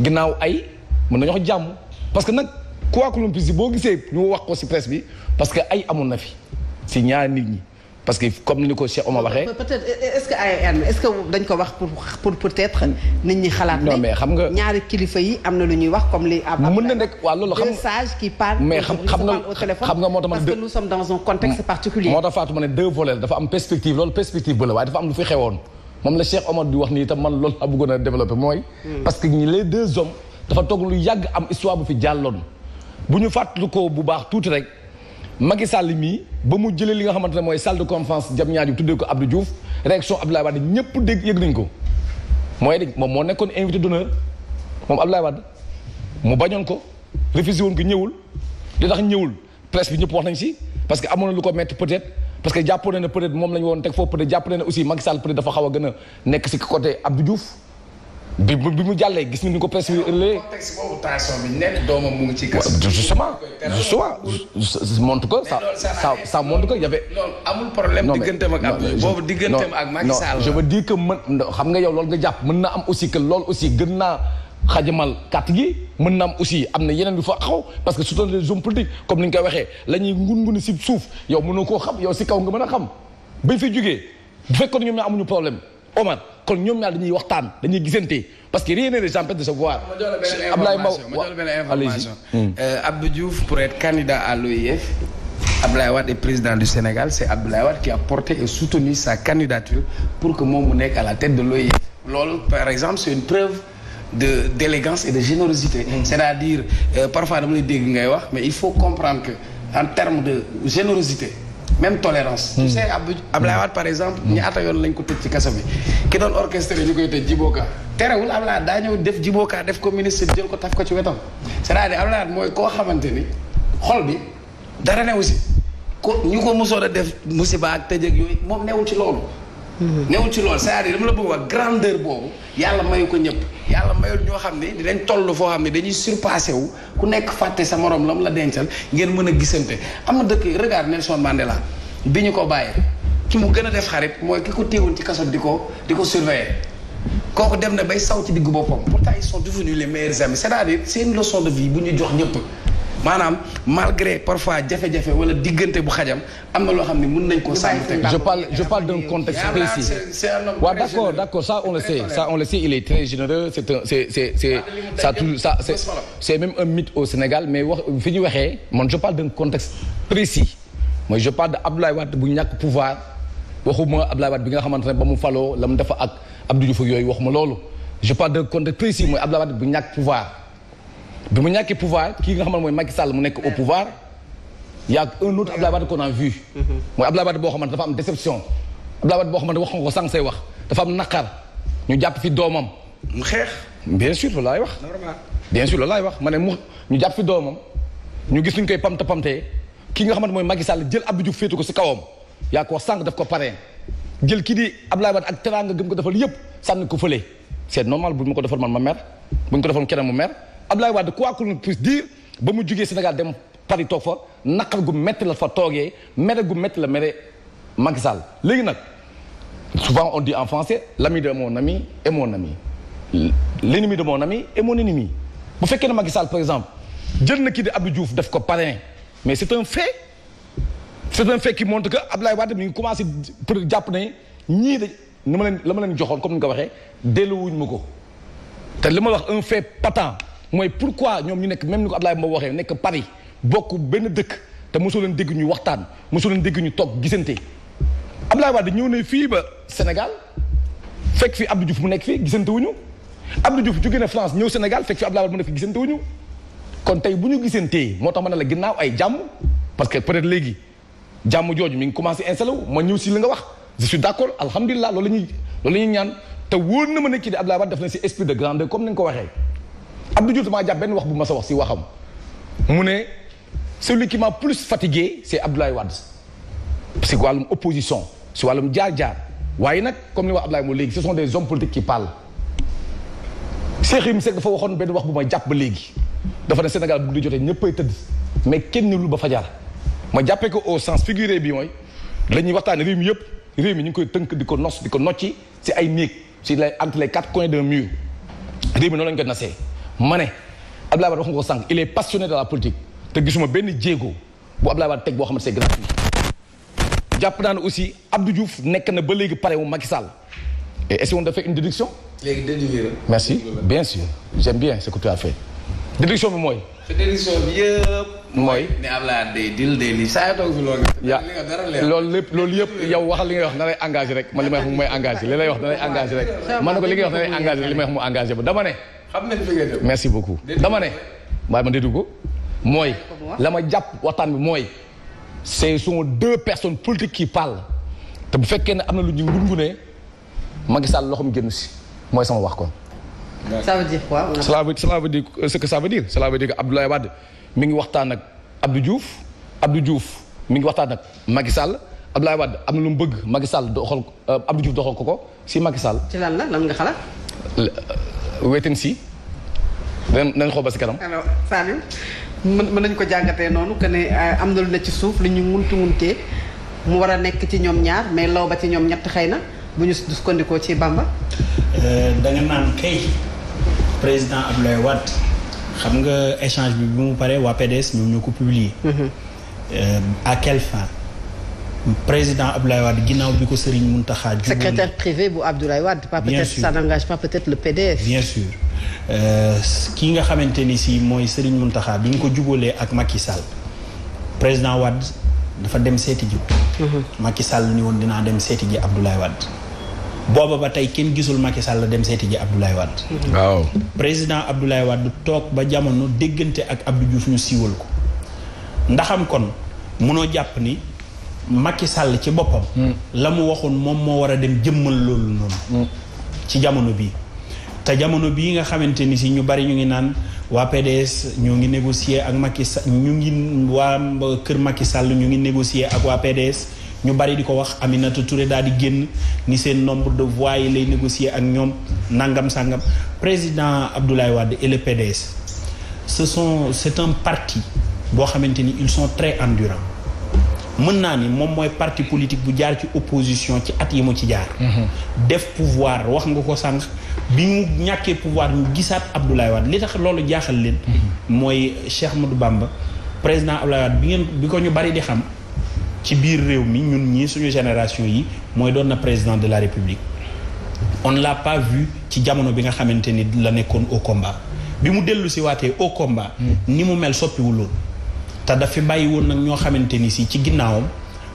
S1: ginnaaw ay mën nañu wax jàmm parce que nag quoi que l'on puisse boo gisee ñu wax ko ci presse bi parce que ay amoon na fi ci ñaar nit ñi parce que comme ni ko Cheikh Omar waxee.
S2: peut e-, ko wax pour peut-être. nit ñi xalaat ne mais xam nga. ñaari kilifa yi am na lu ñuy wax comme li. mën na nekk waaw loolu xam deux sages qui
S1: parlent. mais xam xam nga xam nga moo tax ma parce que nous sommes dans un contexte particulier. moo tax Fatou ma ne deux volets dafa am perspective loolu perspective bu la waaye dafa am lu fi xewoon moom la Cheikh Omar di wax nii itam man loolu laa bëggoon a développer mooy. Hmm. parce que les deux hommes dafa toog lu yàgg am histoire bu fi jàlloon bu ñu fàttali ko bu baax tuuti rek. Macky Sall mii ba mu jëlee li nga xamante ne mooy salle de conférence jam ñaar tuddee ko Abdou Diouf réaction Abdoulaye Wade ñëpp dégg yëg nañ ko mooy de moom moo nekkoon invité d'honneur moom Abdoulaye Wade mu bañoon ko refusé woon ko ñëwul li tax ñëwul presse bi ñëpp wax nañ si parce que amoon na lu ko metti peut-être parce que jàppoon na ne moom la ñu woon teg foofu peut-être jàpp na ne aussi Macky Sall dafa xaw a gën a nekk si côté Abdou Diouf bi bi mu jàllee gis nga ni ko presse bi ëllëgee. contexte boobu tension doomam mu ngi ci kaso. justement justement montre ko ça ça ça montre que y avait. loolu amul problème digganteem ak ab boobu digganteem ak Macky Sall je veux dire que mën xam nga yow loolu nga jàpp mën na am aussi que lool aussi gën naa xajamal kàtt gi mën na am aussi am na yeneen yu fa xaw parce que ce sont des hommes politiques comme ni nga koy waxee la ñuy ngun-nguni si suuf yow mënoo ko xam yow si kaw nga mën a xam bañ fi jógee bu fekkoon ñoom ñoo amuñu problème. Omar kon ñoom ñaar dañuy waxtaan dañuy gisante parce que rien n'empêche de se voir. Abdoulaye Mbow hmm. euh, pour être candidat à l'OIF Abdoulaye Wade est président du Sénégal c'est Abdoulaye Wade qui a porté et soutenu sa candidature pour que moom mu nekk à la tête de l'OIF loolu par exemple c'est une preuve de d'élégance et de générosité hmm. c'est-à-dire euh, parfois dama lay dégg ngay wax mais il faut comprendre que en termes de générosité même tolérance. tu hmm. sais Abdou Abdoulaye Wade par exemple. Hmm. ñaata yoon lañ ko tëj ci kaso bi. ki doon orchestre ñu koy tëj Djiboka terewul Abdoulaye daa ñëw def Djiboka def ko ministre jël ko taf ko ci wetam c'est-à-dire Abdoulaye mooy koo xamante ni xol bi dara newu si ko ñu ko mosoon a def musiba ak tëj ak yooyu moom newul ci loolu.
S2: Mm-hmm. newul ci lool c'est-à-dire dama la bëgg wax grandeur
S1: boobu yàlla mayu ko ñëpp yàlla mayul ñoo xam ne di dinañ toll foo xam ne dañuy surpassé wu ku nekk fàtte sa morom la mu la dencal ngeen mën a gisante am na dëkk yi regarde Nelson Mandela bi ñu ko bàyyee ki mu gën a def xarit mooy ki ko téewoon ci kaso di ko di ko surveiller kooku dem na bay saw ci diggu boppam pourtant ils sont devenus les meilleurs amis c'est-à-dire seen leçon de vie bu ñu jox ñëpp maanaam malgré parfois jafe-jafe wala diggante bu xajam am na loo xam ne mun nañ koo sàmm teg je parle je parle d'un contexte précis waaw d'accord d'accord ça on le sait ça on le sait il est très généreux c'est un c'est même un mythe au Sénégal mais wax fi ñu waxee man je parle d'un contexte précis mooy je parle de Abdoulaye Wade bu ñàkk pouvoir waxuma Abdoulaye Wade bi nga xamante ne ba mu faloo la mu defa ak Abdou Diouf yooyu waxuma loolu je parle d'un contexte précis mooy bu ñàkk pouvoir bi mu ñàkkee pouvoir kii nga xamal mooy Macky Sall mu nekk au pouvoir y' a un autre Abdoulaye Wade qu'on a vu. Mm-hmm. mooy Abdoulaye Wade boo xamante dafa am déception Abdoulaye Wade boo xamante wax nga ko sànq say wax dafa am naqar ñu jàpp fi doomam. mu xeex. bien sûr loolu laay wax. bien sûr loolu laay wax ma ne mu ñu jàpp fi doomam ñu gis ñu koy pamte pamtee ki nga xamante mooy Macky Sall jël Abdou Diouf féetu ko si kawam yaa ko wax sànq def ko paree jël kii di Abdoulaye Wade ak teraanga gëm ko defal yëpp sànni ko fële c' est bu ñu ko defal man ma mer bu ñu ko defal keneen mu mer. Abdoulaye Wade quoi qu'on puisse dire ba mu jugee Sénégal dem Paris fa naqar gu métti la fa toogee mere gu métti la mere Macky Sall léegi nag souvent on dit en français l'ami de mon ami est mon ami de mon ami est bu fekkee ne Macky Sall par exemple jël na kii di Abdou Diouf def ko parrain mais c'est un fait c'est un fait qui montre que Abdoulaye Wade mi ngi commencé pour jàpp ne ñii na ma leen la ma leen joxoon comme ni nga ko waxee delluwuñ ma ko te li ma wax un fait patent mooy pourquoi ñoom ñu nekk même ni ko Ablaye Mbow waxee nekk Paris bokk benn dëkk te mosoo leen dégg ñu waxtaan mosoo leen dégg ñu toog gisante Ablaye Wade ñëw na fii ba Sénégal fekk fi Abdou Diouf mu nekk fii gisante wuñu Abdou Diouf jóge ñëw Sénégal fekk fi Ablaye Wade mu fi gisante wuñu kon tey bu ñu gisantee moo tax ma ne la ginnaaw ay jàmm parce que peut-être léegi jàmm jooju mu ngi commencé installé wu ma ñëw si li nga wax je suis d'accord alhamdulilah loolu la ñuy loolu la ñuy ñaan te wóor na ma ne kii di Ablaye Wade def na si esprit ni nga ko waxee Abdou jot damaa jàpp benn wax bu ma sa wax si waxam mu ne celui qui m'a plus fatigué c'est si wàllum opposition si wàllum jaar-jaar waaye nag comme ni wax Abdoulaye moo léegi ce sont des hommes politiques qui paal Cheikh Yérim Seck dafa waxoon benn wax bu ma jàpp ba léegi dafa ne Sénégal bu di jotee ñëppay tëdd mais kenn lu ba fajar ma jàppee ko au sens figuré bi mooy la ñuy waxtaane réew mi yëpp réew mi ñu ngi koy tënk di ko nos di ko nocci si ay néeg si lay entre les quatre coins d'un mur réew mi lañ ko nasee ma ne Abdoulaye Wade wax nga ko sànq il est passionné de la politique te gisuma benn jéego bu Abdoulaye Wade teg boo xam ne se gratuit jàpp naa ne aussi Abdou Diouf nekk na ba léegi pare wu Macky Sall et essayons de faire une léegi déduire. merci bien sûr bien ce que mooy. te déduction bi yëpp. mooy ne Abdoulaye day dil day lii saa toog fi loolu. yaa lépp loolu yëpp yow wax li ngay wax na lay engagé rek man li may wax mu engagé li lay wax na lay engagé rek man na ko li wax na lay engagé rek li may wax mu engagé dama ne. am merci beaucoup dama ne. waaye ma déglu ko mooy. la ma jàpp waxtaan bi mooy. ce sont deux personnes politiques qui parlent te bu fekkee ne am na lu ñu ngungunee Macky Sall loxoom génn si mooy sama wax kon. ça veut dire quoi. cela veut cela veut dire euh, ce que ça veut dire cela mi ngi waxtaan ak Abdou juuf Abdou juuf mi ngi waxtaan ak Macky Sall Abdoulaye Wade am na lu mu bëgg Macky Sall doxal euh, Abdou Diouf doxal ko ko si Macky Sall. ci la lan nga
S2: wait and see nañ xool ba si kanam. alors Saliou mën nañ ko jàngatee noonu que ne euh, am na lu ne ci suuf lu ñu muntu muntee mu war a nekk ci ñoom ñaar mais law ba ci ñoom ñett xëy na bu ñu sukkandikoo ci Bamba.
S3: Euh, da nga naan kay président Abdoulaye Wade xam nga échange bi bu mu paree waa PDS ñoom ñoo ko publier. Mhm. Euh, à fin. président Abdoulaye Wade ginnaaw bi ko Serigne Mountakha. jubóo secrétaire
S2: privé bu Abdoulaye Wade. pas peut-être ça n'engage pas peut-être le PDF.
S3: bien sûr euh, ki nga xamante ni si mooy Serigne Mountakha bi ñu ko jubóolee ak Macky Sall président Wade dafa dem seeti ji. Mhm. Macky Sall ni woon dinaa dem seeti ji Abdoulaye Wade. booba ba tey kenn gisul Macky Sall dem seeti ji Abdoulaye Wade. Mhm. waaw président Abdoulaye Wade toog ba jamono déggante ak Abdou Diouf ñu siiwal ko. ndaxam kon munoo jàpp ni. Macky sàll ci boppam. Hmm. la mu waxoon moom moo war a dem jëmmal loolu noonu. Hmm. ci jamono bii. te jamono bii nga xamante ni si ñu bari ñu ngi naan waa PDS ñoo ngi négocier ak makki Sall ñu ngi waa kër Macky Sall ñu ngi négocier ak waa PDS ñu bari di ko wax Aminata Touré daal di génn ngi seen nombre de voix yi lay négocier ak ñoom nangam sangam président Abdoulaye Wade et le PDS ce sont c'est un parti boo xamante ni ils son très endurant mën naa ni moom mooy parti politique bu jaar ci opposition ci at yi mu ci jaar. Mhm. def pouvoir wax nga ko sànq bi mu ñàkkee pouvoir ñu gisaat Abdoulaye Wade li tax loolu jaaxal leen. Mhm. mooy Cheikh Ahmadou Bamba président Abdoulaye Wade bi ngeen bi ko ñu bari di xam ci biir réew mi ñun ñii suñu génération yi mooy doon na président de la République. on l'a pas vu ci jamono bi nga xamante ni la nekkoon au combat bi mu dellu si waatee au combat. Mhm. ni mu mel soppiwuloon te daf bàyyi woon nag ñoo xamante ni si ci ginnaawam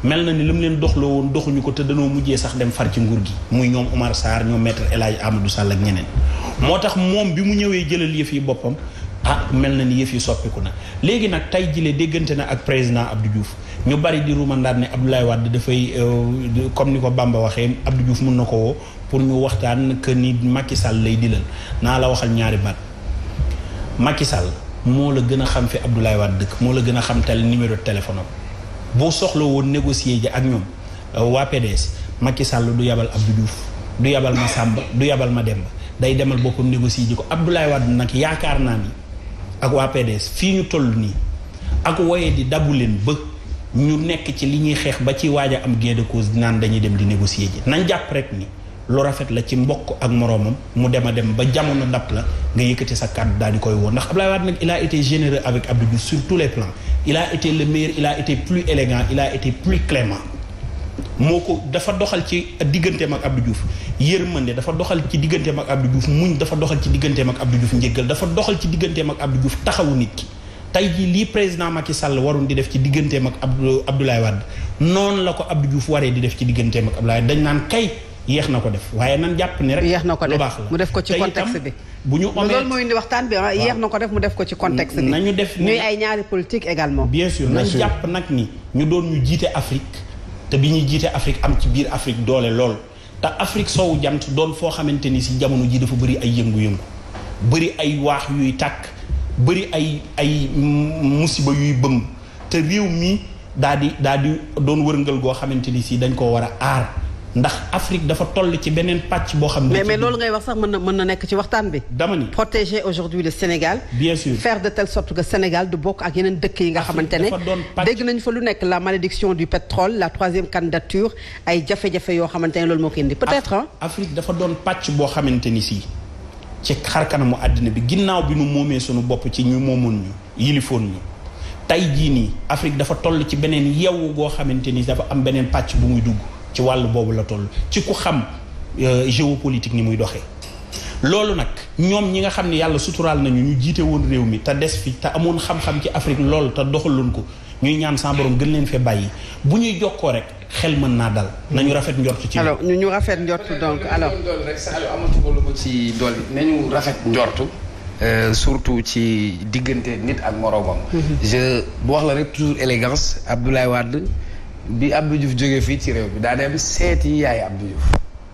S3: mel na ni li mu leen doxloo woon doxuñu ko te danoo mujjee sax dem far ci nguur gi muy ñoom Omar Sarr ñoom maître El Hadj Amadou Sall ak ñeneen moo tax moom bi mu ñëwee jëlal yëf yi boppam ah mel na ni yëf yi soppiku na léegi nag tey jile déggante na ak président Abdou Diouf ñu bari di rumandaat ne Abdoulaye Wade dafay euh, comme ni ko Bamba waxee Abdou Diouf mun na ko woo pour ñu waxtaan que ni Macky Sall lay dilal naa la waxal ñaari baat Macky Sall moo la gën a xam fi Abdoulaye Wade dëkk moo la gën a xam tel numéro de boo soxla woon négocier ji ak ñoom euh, waa PDS ci sàll du yabal Abdou Diouf du yabal ma Samba du yabal ma Demba day demal boppam négocier ji ko Abdoulaye Wade nag yaakaar naa ni ak waa PDS fii ñu toll nii ak woye di dabu leen ba ñu nekk ci li ñuy xeex ba ci waaj a am gain de cause naan dañuy dem di négocier ji nañ jàpp rek ni lu rafet la ci mbokk ak moroomam mu dem a dem ba jamono ndap la nga yëkkati sa kàddu daal di koy woo ndax Abdoulaye Wade nag il a été généreux avec Abdou Diouf sur tous les plans il a été le meilleur il a été plus élégant il a été plus clément moo ko dafa doxal ci digganteem ak Abdou Diouf yërmande dafa doxal ci digganteem ak Abdou Diouf muñ dafa doxal ci digganteem ak Abdou Diouf njëggal dafa doxal ci digganteem ak Abdou Diouf taxawu nit ki tey jii lii président Macky Sall waroon di def ci digganteem ak Abdoulaye Wade noonu la ko Abdou Diouf waree di def ci digganteem ak Abdoulaye dañ naan kay yeex na ko def waaye nan jàpp ni rek. yéex na ko def baax la mu def ko ci contexte bi bu ñu omee loolu mooy indi
S2: waxtaan bi yéex na ko def mu def ko ci contexte bi. nañu def ñuy ay ñaari politique également. bien sûr nañ jàpp
S3: nag ni ñu doon ñu jiite Afrique te bi ñuy jiite Afrique am ci biir Afrique doole lool te Afrique soowu jant doon foo xamante ni si jamono ji dafa bëri ay yëngu-yëngu bëri ay waax yuy tàkk bëri ay ay musiba yuy bëmm te réew mi daal di daal di doon wërngal goo xamante ni si dañ koo war a aar. ndax Afrique dafa toll ci beneen pàcc boo xam ne. mais mais loolu
S2: ngay wax sax mën na mën na nekk ci waxtaan bi. dama ni protéger aujourd'hui le Sénégal. bien sûr faire de que Sénégal du bokk ak yeneen yi nga xamante ne. dégg nañ fa lu nekk la malédiction du pétrole la troisième candidature ay jafe yoo xamante ne loolu moo ko peut-être
S3: ah. dafa doon pàcc boo xamante ni si ci xar kanamu àddina bi ginnaaw bi nu moomee sunu bopp ci ñu moomoon ñu yilifoon ni tey jii nii Afrique dafa toll ci beneen yeewu goo xamante ni dafa am beneen pàcc bu muy dugg. ci wàll boobu la toll ci ku xam euh, géopolitique ni muy doxee loolu nag ñoom ñi nga xam ne yàlla suturaal nañu ñu jiite woon réew mi te des fi te amoon xam-xam ci Afrique loolu te doxaloon ko ñuy ñaan sa borom gën leen fee bàyyi bu ñuy jokkoo rek xel mën naa dal nañu rafet njort ci alors
S2: ñu rafet njort donc alors rek sa ko lu ko ci nañu rafet
S1: njort euh, surtout ci diggante nit ak moroomam mm-hmm. je bu wax la rek toujours élégance Abdoulaye Wade bi Abdou Diouf jógee fii ci réew bi daa dem seeti yaay Abdou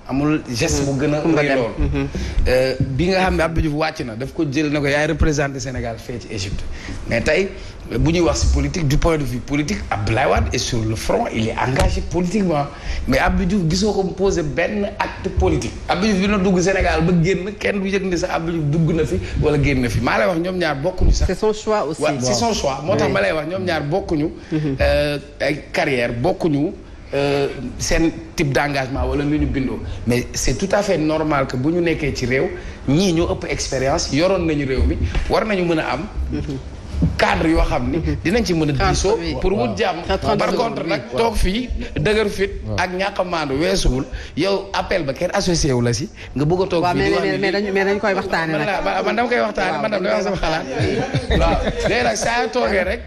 S1: amul geste bu gën a rëy loolu mhm. euh, bi nga xam ne Abdou wàcc na daf ko jël na ko yaay représenté Sénégal fee ci Égypte mais tey bu ñuy wax ci politique du point de vue politique Abdoulaye Wade est sur le front il est engagé politiquement mais Abdou Diouf gisoo ko mu benn acte politique. Abdou Diouf na dugg Sénégal ba génn kenn du yëg ni sax Abdou
S2: dugg na fi wala génn
S1: fi maa lay wax ñoom ñaar bokkuñu
S2: sax. c'est son choix aussi. waaw moo tax ma lay wax ñoom
S1: ñaar bokkuñu. Mm-hmm. Euh, ay carrière bokkuñu. Euh, seen type d'engagement wala lu ñu bindoo mais c'est tout à fait normal que bu ñu nekkee ci réew ñii ñoo ëpp expérience yoroon nañu réew mi war nañu mën a am. Mm-hmm. cadre yoo xam ni mhm. dinañ ci mën a diisoo pour wut jàmm par contre nag toog fii dëgër fit ak ñàkk a maandu weesuwul yow appel ba kenn associé wu si nga bëgg a toog fii
S2: mais dañ koy waxtaane nag man dama koy waxtaane man dama koy wax sama xalaat
S4: waaw
S1: léegi nag saa toogee rek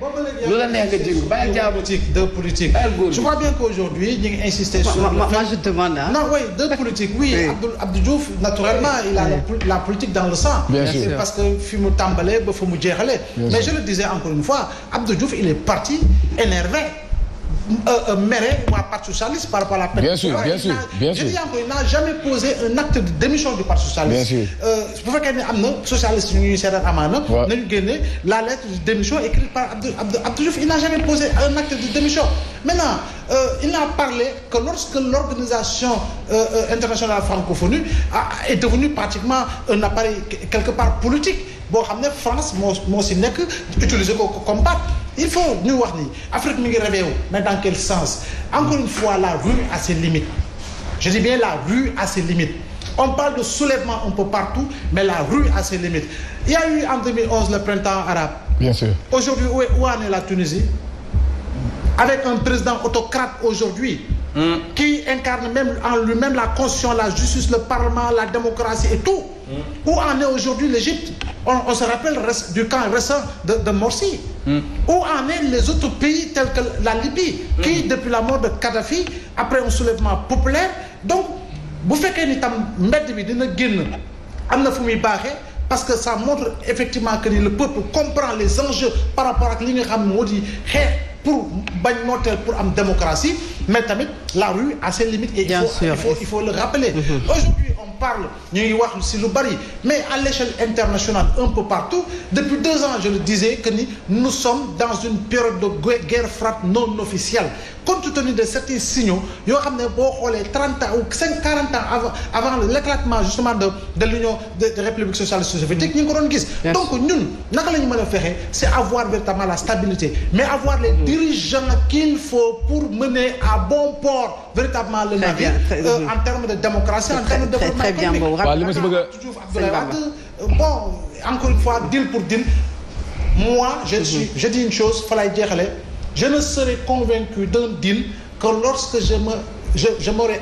S2: lu la neex nga jiw
S4: bàyyi jàmm politique de politique je crois bien qu'aujourd'hui ñu ngi insister sur moi je demande non oui de politique oui naturellement il a la politique dans le sang bien sûr parce que fi mu tàmbalee ba fa mu jeexalee le disais encore une fois Abdou Diouf il est parti énervé euh, euh, mere waa parti socialiste par rapport à la perte bien je dis il n'a jamais posé un acte de démission du parti socialiste bien sûr euh, bu fekkee ne am na la lettre de démission écrite par Abdou il n'a jamais posé un acte de démission maintenant il n'a parlé que lorsque l'organisation internationale francophonie ah, est devenue pratiquement un appareil quelque part politique boo xam ne France moo moo si nekk utiliser ko combattre il faut ñu wax ni Afrique mi ngi réveillé mais dans quel sens encore une fois la rue a ses limites je dis bien la rue a ses limites on parle de soulèvement un peu partout mais la rue a ses limites il y a eu en le printemps arabe bien sûr aujourd'hui où est, en est la Tunisie avec un président autocrate aujourd'hui mm. qui incarne même en lui-même la constitution la justice le parlement la démocratie et tout mm. où en est aujourd'hui l'Égypte on, on se rappelle du camp récent de, de Morsi. Mm. Où en est les autres pays tels que la Libye, hmm. qui depuis la mort de Kadhafi, après un soulèvement populaire, donc bu fekkee ni tam mbedd bi dina génn am na fu muy baaxee parce que ça montre que ni le peuple comprend les enjeux par rapport ak li nga xam moo di xeex pour bañ nooteel pour am démocratie mais tamit la rue a ses limites et il faut, hmm. aujourd'hui parle ñu ngi wax si lu bari mais à l'échelle internationale un peu partout depuis deux ans je le disais que ni nous sommes dans une période de guerre froide non officielle compte tenu de certains signaux yoo xam ne boo xoolee trente ans ou cinq quarante ans avant avant l'éclatement justement de de l'union de république socialiste soviétique ñu ngi ko doon gis donc ñun naka la ñu mën a fexe les mm-hmm. dirigeants qu'il faut pour mener à bon port véritablement le navire euh, en termes de démocratie en termes de développement xeeb jàmm boobu. waaw li ma si bëgg a euh, bon encore une fois deal pour deal. moi je mhm. suis je dis une chose fa lay jeexale je ne serai convaincu d'un deal que lorsque je me je je m'aurais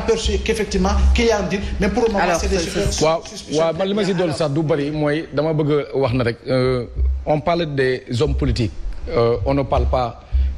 S1: aperçu qu'effectivement qu'il y a un deal mais pour le moment c'est des waaw waaw man li ma si doon sax du bëri mooy dama bëgg a wax na rek euh, on parle des hommes politiques euh, on ne parle pas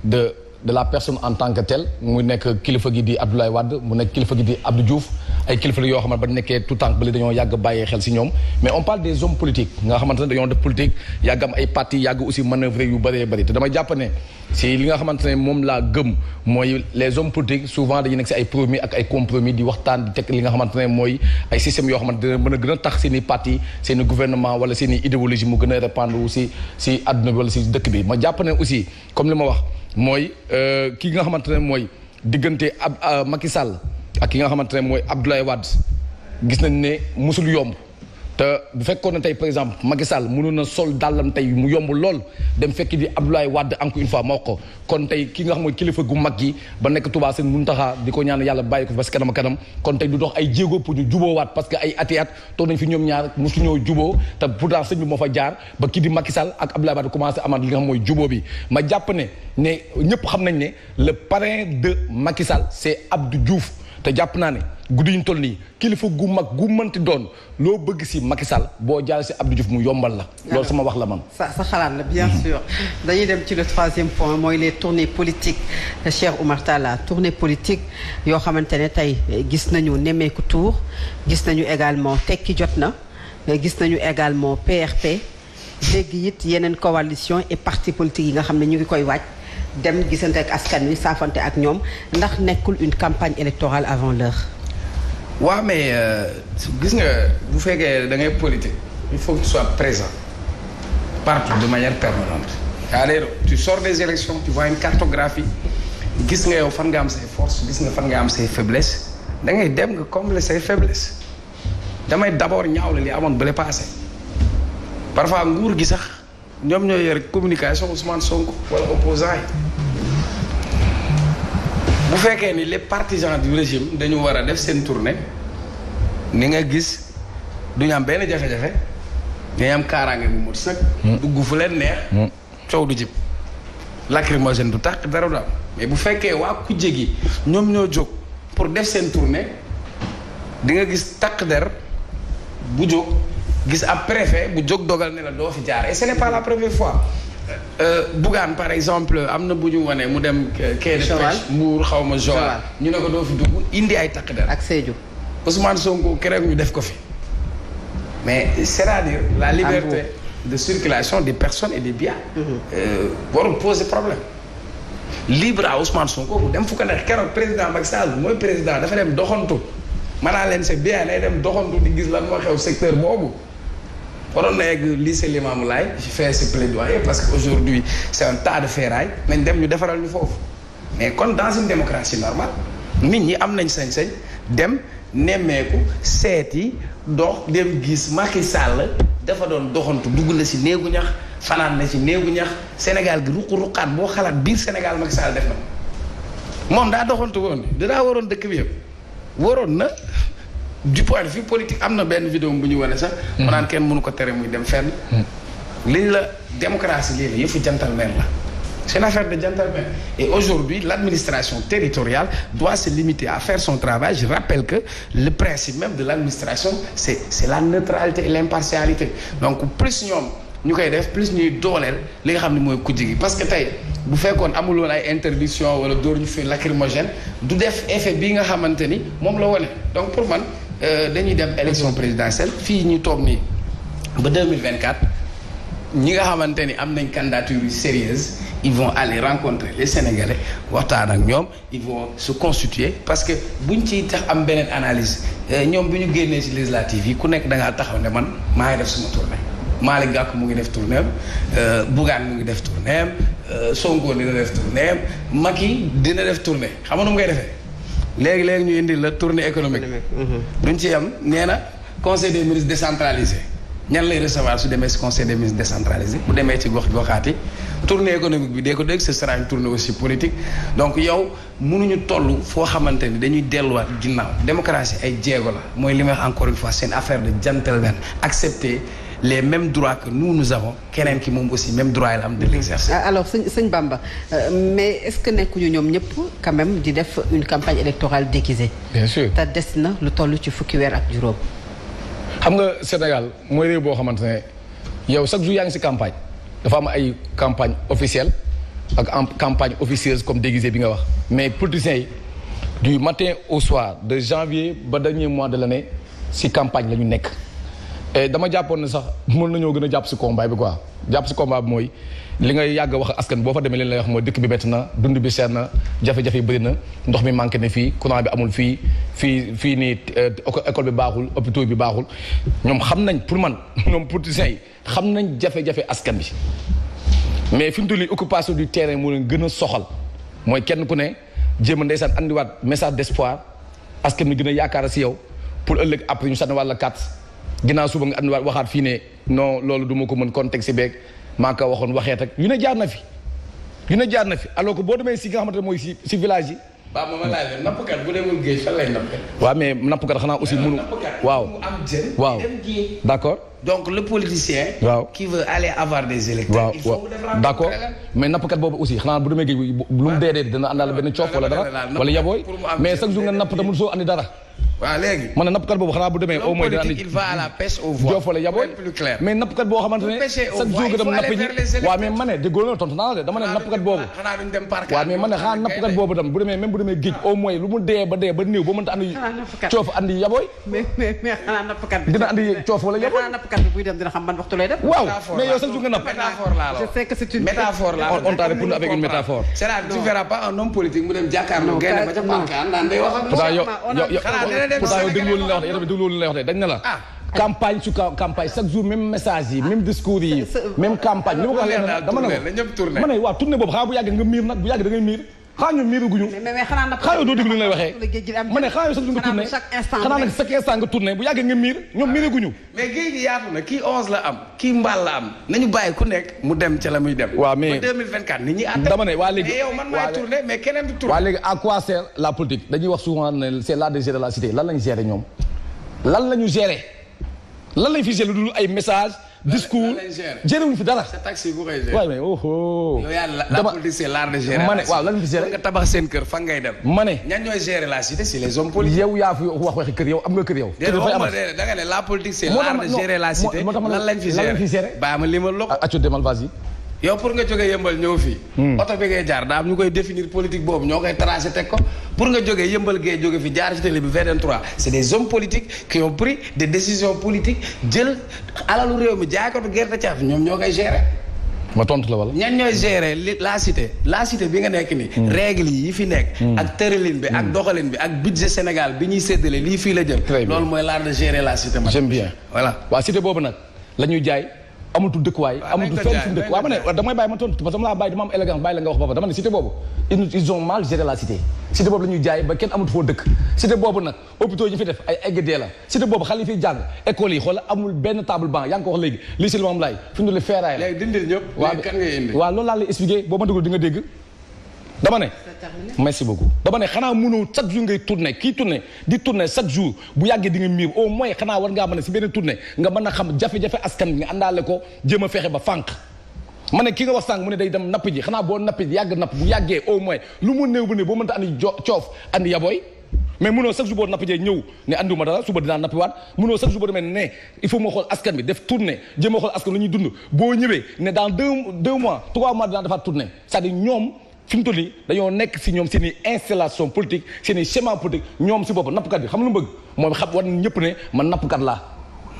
S1: de de la personne en tant que telle mu nekk kilifa gi di Abdoulaye Wade mu nekk kilifa gi di Abdou Diouf ay kilifa la yoo xamante ba nekkee tout temps bële dañoo yàgg bàyyee xel si ñoom mais on parle des hommes politiques nga xamante ne dañoo def politique yàgg am ay parti yàgg aussi manœuvre yu bëree bëri te dama jàpp ne si li nga xamante ne moom laa gëm mooy les hommes politiques souvent dañuy nekk ay promis ak ay compromis di waxtaan di teg nga xamante ne mooy ay systèmes yoo xamante dina mën a gën a parti seeni gouvernement wala seeni idéologie mu gën a si si àdduna bi wala bi ma jàpp ne aussi comme li ma wax mooy euh, kii nga xamante ne mooy diggante ab euh, Macky Sall ak ki nga xamante ne mooy Abdoulaye Wade gis nañ ne musul yomb te bu fekkoon ne tey par exemple Macky Sall mënoon na sol dàllam tey mu yomb lool dem fekki di Abdoulaye Wade encore une fois ma wax ko kon tey ki nga xam mooy kilifa gu mag gi ba nekk Touba seen Muntaxa di ko ñaan yàlla bàyyi ko fi parce que kanam kanam kon tey du ay jéego pour ñu juboowaat parce que ay ati at toog fi ñoom ñaar mosuñoo juboo te pourtant sëñ bi moo fa jaar ba kii di Macky Sall ak Abdoulaye Wade commencé amaat li nga xam mooy ma jàpp ne ne ñëpp xam nañ ne le parrain de Macky Sall c'est Abdou Diouf te jàpp naa ne guddi ñu toll nii kilifa gu mag gu mënti doon loo bëgg si Macky Sall boo jàll
S2: si Abdou Diouf mu yombal la. loolu sama wax la man. sa sa xalaat la bien mhm. sûr. dañuy dem ci le troisième point mooy les tournées politiques Cheikh Oumar Talla tournée politique yoo xamante ne tey gis nañu nemmeeku tour gis nañu également tekki jot na gis nañu également PRP dégg it yeneen coalition et parti politique yi nga xam ne ñu ngi koy waaj. dem gisante ak askan yi saafante ak ñoom ndax nekkul une campagne électorale avant l'heure
S1: waaw mais euh, gis nga bu fekkee da ngay politique il faut que tu sois présent partout de manière permanente alors tu sors des élections tu vois une cartographie gis nga fan nga am say force gis nga fan nga am say faiblesse da ngay dem nga combler say faiblesse damay d'abord ñaawle li amoon bële passé parfois nguur gi sax ñoom ñoo yor communication Ousmane Sonko wala opposant bu fekkee ni les partisans du régime dañu war a def seen tournée ni nga gis duñu am benn jafe-jafe dañu am kaaraange bu mot sëkk. Mm. dugg fu leen neex. Mm. coow du jib lacrymogène du tax dara du mais bu fekkee waa kujje gi ñoom ñoo jóg pour def seen tournée di nga gis takk der bu jóg gis ab préfet bu jóg dogal ne la doo fi jaar et ce n'est pas la première fois. Euh, Bougane par exemple am na bu ñu wanee mu dem. Euh, kee de pêche Mbour xaw ma Joal ñu ne ko doo fi dugg indi ay takk de ak Sédhiou. Ousmane Sonko keroog ñu def ko fi mais c'est-à-dire la liberté de circulation des personnes et des biens. Mhm. Euh, warul poser problème. libre à Ousmane Sonko dem fu ko neex keroog président Macky Sall mooy président dafa dem doxantu maanaam leen sa bien lay dem doxantu di gis lan moo xew secteur boobu. waroon na yegg lycée Limamou parce que aujourd'hui c'est un tas de ferraille dem ñu defaral ñu foofu mais kon dans une démocratie nit ñi am nañ sañ-sañ dem nemmeeku seeti dox dem gis Macky Sall dafa doon doxantu dugg na si néegu ñax fanaan na si néegu ñax Sénégal gi ruq-ruqaat boo xalaat biir Sénégal Macky Sall def na moom daa doxantu woon daa waroon dëkk bi yëpp waroon na du point de vue politique am na benn vidéo bu ñu wane sax. mu naan kenn mënu ko tere muy dem fen liñ la démocratie lii la yëfu gentleman la. c'est une affaire de gentleman et aujourd'hui l'administration territoriale doit se limiter à faire son travail je rappelle que le principe même de l'administration c'est c'est la neutralité et l'impartialité donc plus ñoom ñu koy def plus ñuy dooleel li nga xam ne mooy kujj gi parce que tey bu fekkoon amuloon ay interdiction wala dóor ñu fi lacrymogène du def effet bi nga xamante ni moom la wone donc Euh, dañuy dem élection présidentielle fii ñu toog nii ba 2024 ñi nga xamante ni am nañ candidature yu sérieuse ils vont aller rencontrer les sénégalais waxtaan ak ñoom ils vont se constituer parce que bu buñ ci tax am beneen analyse euh, ñoom bu ñu génnee ci législative yi ku nekk da ngaa taxaw ne man maa ngi def suma tournée Malick Gakou mu ngi def tournée am euh, Bougane mu ngi def tournée am Sonko dina def tournée am Macky dina def tournée xam nga nu mu ngay defee. léegi léegi ñu indi la tournée économique. Mhm. Mhm. duñ ci yem nee na conseil de ministres décentralisé. ñan lay recevoir su demee si conseil des ministres décentralisé bu demee ci gox goxaati tournée économique bi dee ko dégg ce sera une tournée aussi politique donc yow munuñu toll foo xamante ni dañuy delluwaat ginnaaw démocratie ay jéego la mooy li may wax encore une fois seen affaire de gentleman accepter. les même droits que nous nous avons keneen ki moom aussi même droit yi la am de l'exercer
S2: ah, alors sëñ sëñ Bamba euh, mais est-ce que nekkuñu ñoom ñëpp quand même di def une campagne électorale déguisée bien te des na lu toll ci fukki weer ak juróom
S1: xam nga Sénégal mooy réew boo xamante ne yow chaque jour yaa ngi si campagne dafa am ay campagne officielle ak en campagne officieuse comme déguisée bi nga wax mais politiciens yi du matin au soir de janvier ba dernier mois de l'année si campagne la ñu nekk et eh, dama jàppoon na sax mën nañoo gën a jàpp si combat bi quoi jàpp si combat bi mooy li ngay yàgg wax askan boo fa demee leen lay wax mooy dëkk bi métti na dund bi seer na jafe-jafe yi na ndox mi manqué ne fii courant amul fii fii fii nii eh, école bi baaxul hôpitaux bi baaxul ñoom xam nañ pour man ñoom politiciens yi xam nañ jafe-jafe askan bi mais fi mu toll nii occupation du terrain moo leen gën a soxal mooy kenn ku ne jéem a ndeysaan andiwaat message d' espoir askan bi gën a yaakaar si yow pour ëllëg après ñu sànni wàlla carte ginnaaw suba nga andiwaat waxaat fii ne non loolu du ma ko mën contexte beeg maa ko waxoon waxeet ak yu ne jaar na fi yu ne jaar na fi alors boo demee si nga xamante ne mooy si si village yi. waaw moom laaj la nappkat bu demul géej xanaa aussi euh, mënu. waaw waaw d' accord. donc le politicien. waaw qui veut aller avoir des électeurs. il faut mu d'accord mais nappkat boobu aussi xanaa bu demee géej gi lu mu dee dee dana àndaale benn coof wala dara wala yabooy mais chaque jour nga napp tamul soo andi dara. waaw léegi man nappkat boobu xanaa bu demee au moins daan il va à la pêche aux voies joof wala yabooy mais nappkat boo xamante ne chaque jour nga dem napp ji waaw mais ma ne déggoo na tontu naa la de dama ne nappkat boobu waaw mais ma ne xanaa nappkat boobu tam bu demee même bu demee géej au moins lu mu dee ba dee ba néew ba mënta andi
S2: coof andi yabooy dina andi coof wala yabooy nappkat bi buy dem dina xam ban waxtu lay dem. waaw mais yow sax su nga napp. métaphore laa la je sais que c'est une métaphore laa la on t'a répondu avec une métaphore. c'est-à-dire tu verras
S1: pas un homme politique mu dem jàkkaarloo. génn ba ca pànkaan naan day wax ak. pourtant yow yow dégluwul li la wax yow dégluwul li la wax de dañ na la. Ah. campagne su campagne chaque jour même message yi même discours yi. même campagne li ma ko waxee dama ne. ñëpp tourné ma ne waaw tourné boobu xanaa bu yàgg nga miir nag bu yàgg da ngay miir xanaa ñoom miiru guñu
S2: xanaa yow doo déglu li lay waxee ma ne xanaa yow nga tourné xanaa nag
S1: nga tourné bu miir ñoom miiru guñu mais géej gi yaatu na kii onze la am kii mbaal la am nañu bàyyi ku nekk mu dem ca la muy dem waaw mais 2024 nit ñi àtte dama ne waa léegi yow man maay mais keneen du tourné waa léegi la cité lan lañ gérer ñoom lan lañu gérer lan lañ fi gérer lu dul ay message discours jëriwuñ fi dara. sa taxi ku koy gérer. la de gérer. ma ne waaw fi gérer nga tabax seen kër fan ngay dem. ma ne ñan ñooy gérer la cité c'est les hommes politiques. yow yaa fi wax waxi kër yow am nga kër yow. kër dafay amat da nga ne la politique c'est l'art de gérer la cité. lan lañ fi gérer gérer. bàyyi ma yow pour nga jógee yëmbal ñëw fii. Hmm. oto bi ngay jaar daa ñu koy définir politique boobu ñoo koy tracé teg ko pour nga jógee yëmbal gee jóge fi jaar ci télé bi VDN3 c' est des jël alalu réew mi jaay ko gerte caaf ñoom ñoo koy gérer. ma tontu la wala. ñan ñooy gérer li la cité la cité bi nga nekk nii. Hmm. règle yi fi nekk. Hmm. ak tëralin bi ak doxalin bi ak budget Sénégal bi ñuy seddalee lii fii la jëm. loolu mooy l'art de gérer la cité. ma j'aime bien voilà. waa cité boobu nag la ñuy jaay. amatul dëkkuwaay amatul fenn fu mu dëkk waaw ma ne damay bàyyi ma tontu parce que dama laa bàyyi dama am élégance bàyyi la nga wax boobu dama ne cité boobu ils ont mal géré la boobu la jaay ba kenn amatul foo dëkk cité boobu nag hôpitaux yi fi def ay egg dee la cité boobu xale yi fiy jàng école yi xoolal amul benn table banc yaa ko wax léegi lii si li moom laay fi mu ne ferraille la loolu laa lay expliqué boo ma déglu di dégg dama ne merci beaucoup dama ne xanaa mënoo chaque jour ngay tourné kii tourné di tourné chaque jour bu yàggee di nga miir au moins xanaa war ngaa mën a si benn tourné nga mën a xam jafe-jafe askan bi nga àndaale ko jéem a fexe ba fànq ma ne ki nga wax sànq mu ne day dem napp ji xanaa boo napp ji yàgg napp bu yàggee au moins lu mu néew bu ne boo mënta andi jo coof andi yaboy mais mënoo chaque jour boo nappi jee ñëw ne andiwuma dara suba dinaa nappiwaat mënoo chaque jour boo demee ne il askan bi def tournée jéem a xool dund boo ñëwee ne dans deux mois trois mois dinaa defaat tournée cest à ñoom fi mu toll dañoo nekk si ñoom seen installation politique seen i schéma politique ñoom si bopp nappkat bi xam lu mu bëgg moom xam war ñëpp ne man nappkat laa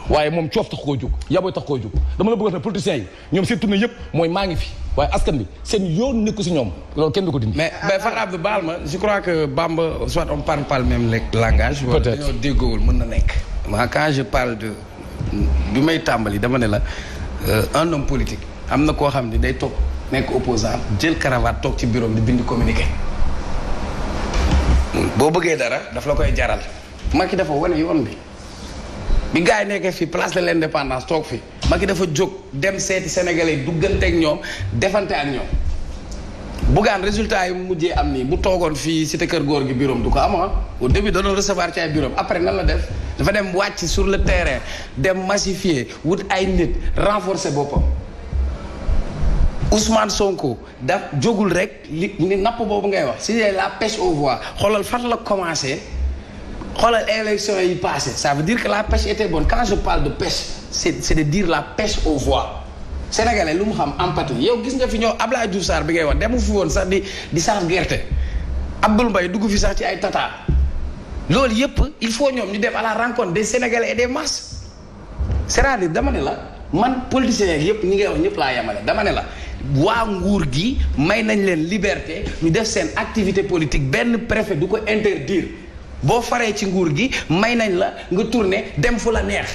S1: waaye moom coof tax koo jug yaboy tax koo jóg dama la bëgg ne politiciens ñoom seen yëpp mooy maa ngi fi waaye askan bi seen yoon nekku si ñoom kenn du ko dindi. mais mais Fat baal ma je crois que Bamba soit on parle pas le même langage. peut être dañoo déggoowul mën na nekk. ma quand je parle de bi may tàmbali dama ne la euh, un homme politique am na koo xam ne day toog. nekk opposant jël cravate toog ci biroom di bind communiqué boo bëggee dara daf la koy jaral mag ki dafa wane yoon bi bi gars yi nekkee fi place de l'indépendance toog fi Macky dafa jóg dem seeti sénégalais duggante ak ñoom defante ak ñoom Bougane résultat yi mu mujjee am nii bu toogoon fii cité kër góor gi biroom du ko am ah. au début doon recevoir ci ay bureau après nan la def dafa dem wàcc sur le terrain dem massifier wut ay nit renforcer boppam Ousmane Sonko da jógul rek li ni napp boobu ngay wax c'est la pêche aux voies xoolal fan la commencé xoolal élection yi passé ça veut dire que la pêche était bonne quand je parle de pêche c'est c'est de dire la pêche aux voies sénégalais lu mu xam empathie yow gis nga fi ñëw Abdoulaye Diouf Sarr bi ngay wax demu fi woon sax di di saaf gerte Abdoul mbay dugg fi sax ci ay tata loolu yëpp il faut ñoom ñu dem à la rencontre des sénégalais et des masses cest à dama ne la. man politiciens yeeg yëpp ñi ngay wax ñëpp laa yemale dama ne la waa nguur gi may nañ leen liberté ñu def seen activité politique benn préfet du ko interdire boo faree ci nguur gi may nañ la nga tourner dem fu la neex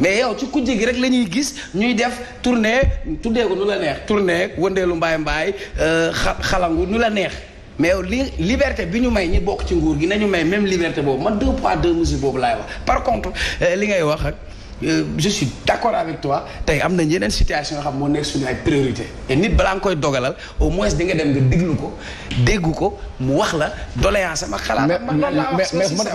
S1: mais yow ci kujje gi rek la ñuy gis ñuy def tournée tuddee ko nu la neex tournée wëndeelu mbaay mbaay euh, xalangu nu la neex mais yow li liberté bi ñu may ñi bokk ci nguur gi nañu may même liberté boobu man deux poids deux mesures boobu laay wax par contre euh, li ngay wax ak Euh, je suis d'accord avec toi tey am na yeneen situation xam moo nekk suñu ay priorité et nit balaa nga koy dogalal au moins di nga dem nga lu ko dégg ko mu wax la doléance sama xalaat. man man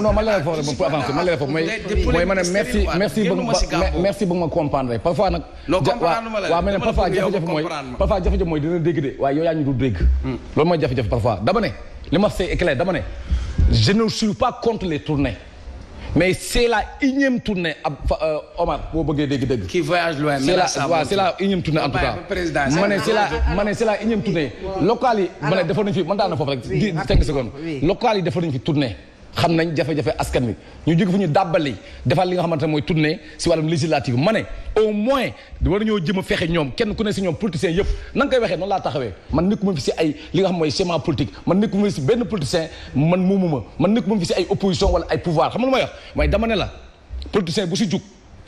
S1: non man la foofu pour avancer man la foofu mooy mooy ma ne merci merci ba merci ma comprendre parfois nag. non ma la parfois jafe-jafe mooy parfois jafe-jafe mooy dina dégg de waaye yow ñu dul dégg. Hmm. loolu mooy jafe-jafe parfois dama ne li ma c'est éclair dama ne je ne suis pas contre les mais c'est la énième tournée ab euh, Omar boo bëggee dégg-dégg. qui voyage loin mais la waaw c'est la énième tournée en tout cas. ma ne c'est la ma ne c'est la énième yi ma ne defoon nañu fi mën naa ne foofu rek. 10 5 secondes. nañu fi tournée. xam nañ jafe-jafe askan wi ñu jóg fu ñu dàbbali defal li nga xamante ne mooy tournée si wàllum législative ma ne au moins war ñoo jëm fexe ñoom kenn ku ne si ñoom politiciens yëpp na nga koy waxee noonu laa taxawee man nekkuma fi si ay li nga xam mooy schéma politique man nekkuma fi si benn politicien man muumuma man nekkuma fi si ay opposition wala ay pouvoir xam nga lu may wax waaye dama ne la politicien bu si jug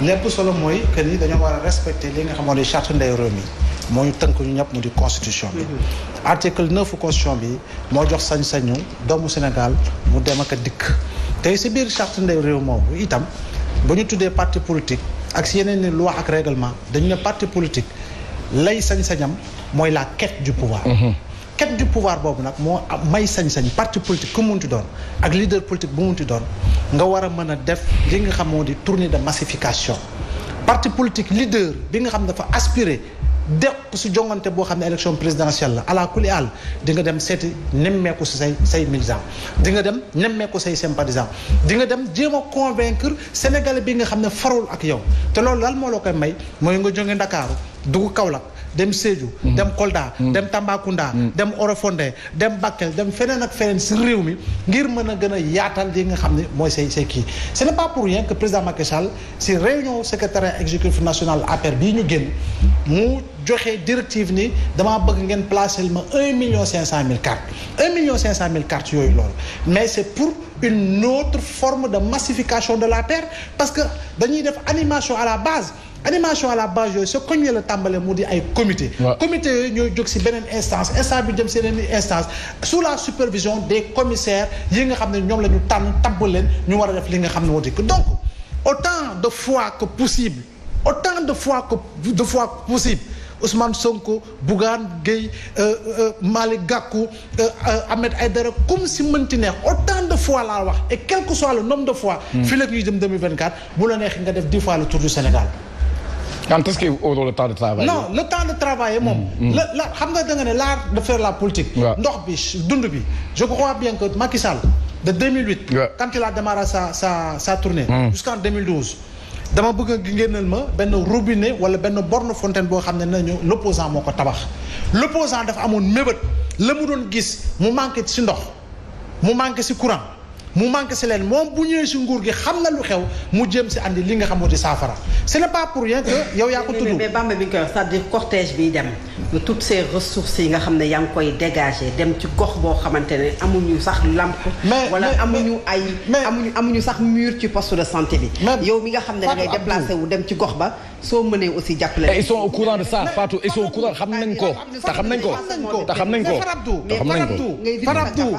S4: lépp solo mooy que ni dañoo war a respecter li nga xamoon ne charte ndeyu réew mi moo ñu tënk ñu ñëpp mu di constitution bi. Mm-hmm. article neuf constitution bi moo jox sañ-sañu doomu Sénégal mu dem ak a dikk tey si biir charte ndeyu réew moomu itam bu ñu tuddee parti politique ak si yeneen i loi ak règlement dañu ne parti politique lay sañ-sañam mooy la quête du pouvoir. Mm-hmm. quête du pouvoir boobu nag moo may sañ-sañ parti politique ku ti doon ak leader politique bu munti doon nga war a mën a def li nga xam moo di tournée de massification parti politique leader bi nga xam ne dafa de déq si jongante boo xam ne élection présidentielle la ala kulli àll di nga dem seeti nemmeeku si say say militants di nga dem nemmeeku say sympathisants di nga dem jéem a convaincre sénégalais bi nga xam ne farul ak yow te loolu daal moo la koy may mooy nga jóge ndakaaru dugg Kaolack dem Sédhiou mm. dem Kolda mm. dem Tambacounda mm. dem Orofondé dem Bakel dem feneen ak feneen si réew mi ngir mën a gën a yaatal li nga xam ne mooy say say kii ce n'est pas pour rien que président Macky Sall si réunion secrétaire exécutif national APR bii ñu génn mu joxe directive ni damaa bëgg ngeen place ma un million cinq cent mille cartes un million cinq cent mille cartes yooyu lool mais c'est pour une autre forme de massification de la terre parce que dañuy def animation à la base animation à la base yooyu sa koñ la tàmbalee mu di ay comité comité yooyu ñooy jóg si beneen instance instance bi jëm si beneen instance sous la supervision des commissaires yi nga xam ne ñoom la ñu tànn tabb leen ñu war a def li nga xam ne moo di ko donc autant de fois que possible autant de fois que de fois possible Ousmane Sonko Bougane Gueye euh, euh, Malick Gakou euh, euh comme si mënti neex autant de fois laa wax et quel que soit le nombre de fois. Hmm. fii la ñuy jëm 2024 bu la neexee nga def dix fois le Sénégal. Quand est-ce qu'ils auront non le temps de travailler moom mm, mm. xam nga da nga ne laa de faire la politique ndox bi dund bi je crois bien que Macky Sall de 2008 quand il a démarré sa sa sa tournée mm. jusqu'en 2012 dama bëgg a génneel ma benn robinet wala benn borne fontaine boo xam ne nañu l'opposant moo ko tabax l'opposant dafa amoon mébét la mu doon gis mu manqué ci ndox mu manqué ci courant mu manqué si leen moom bu ñëwee si nguur gi xam na lu xew mu
S2: jëm si andi li nga xam moo di saafara ce n'est pas pour rien que yow yaa ko tudd mais Bamba bi ñu koy wax c'est-à-dire cortège bi dem yi nga xam ne yaa ngi koy dégager dem ci gox boo xamante ne amuñu sax lamp wala amuñu ay amuñu amuñu sax mur ci post de santé bi yow mi nga xam ne da ngay déplacé wu dem ci gox ba soo mënee aussi jàppale eh, ils sont au courant de ça Fatou ils sont au courant xam nañ ko te xam nañ ko te am nañ ko te xam nañ ko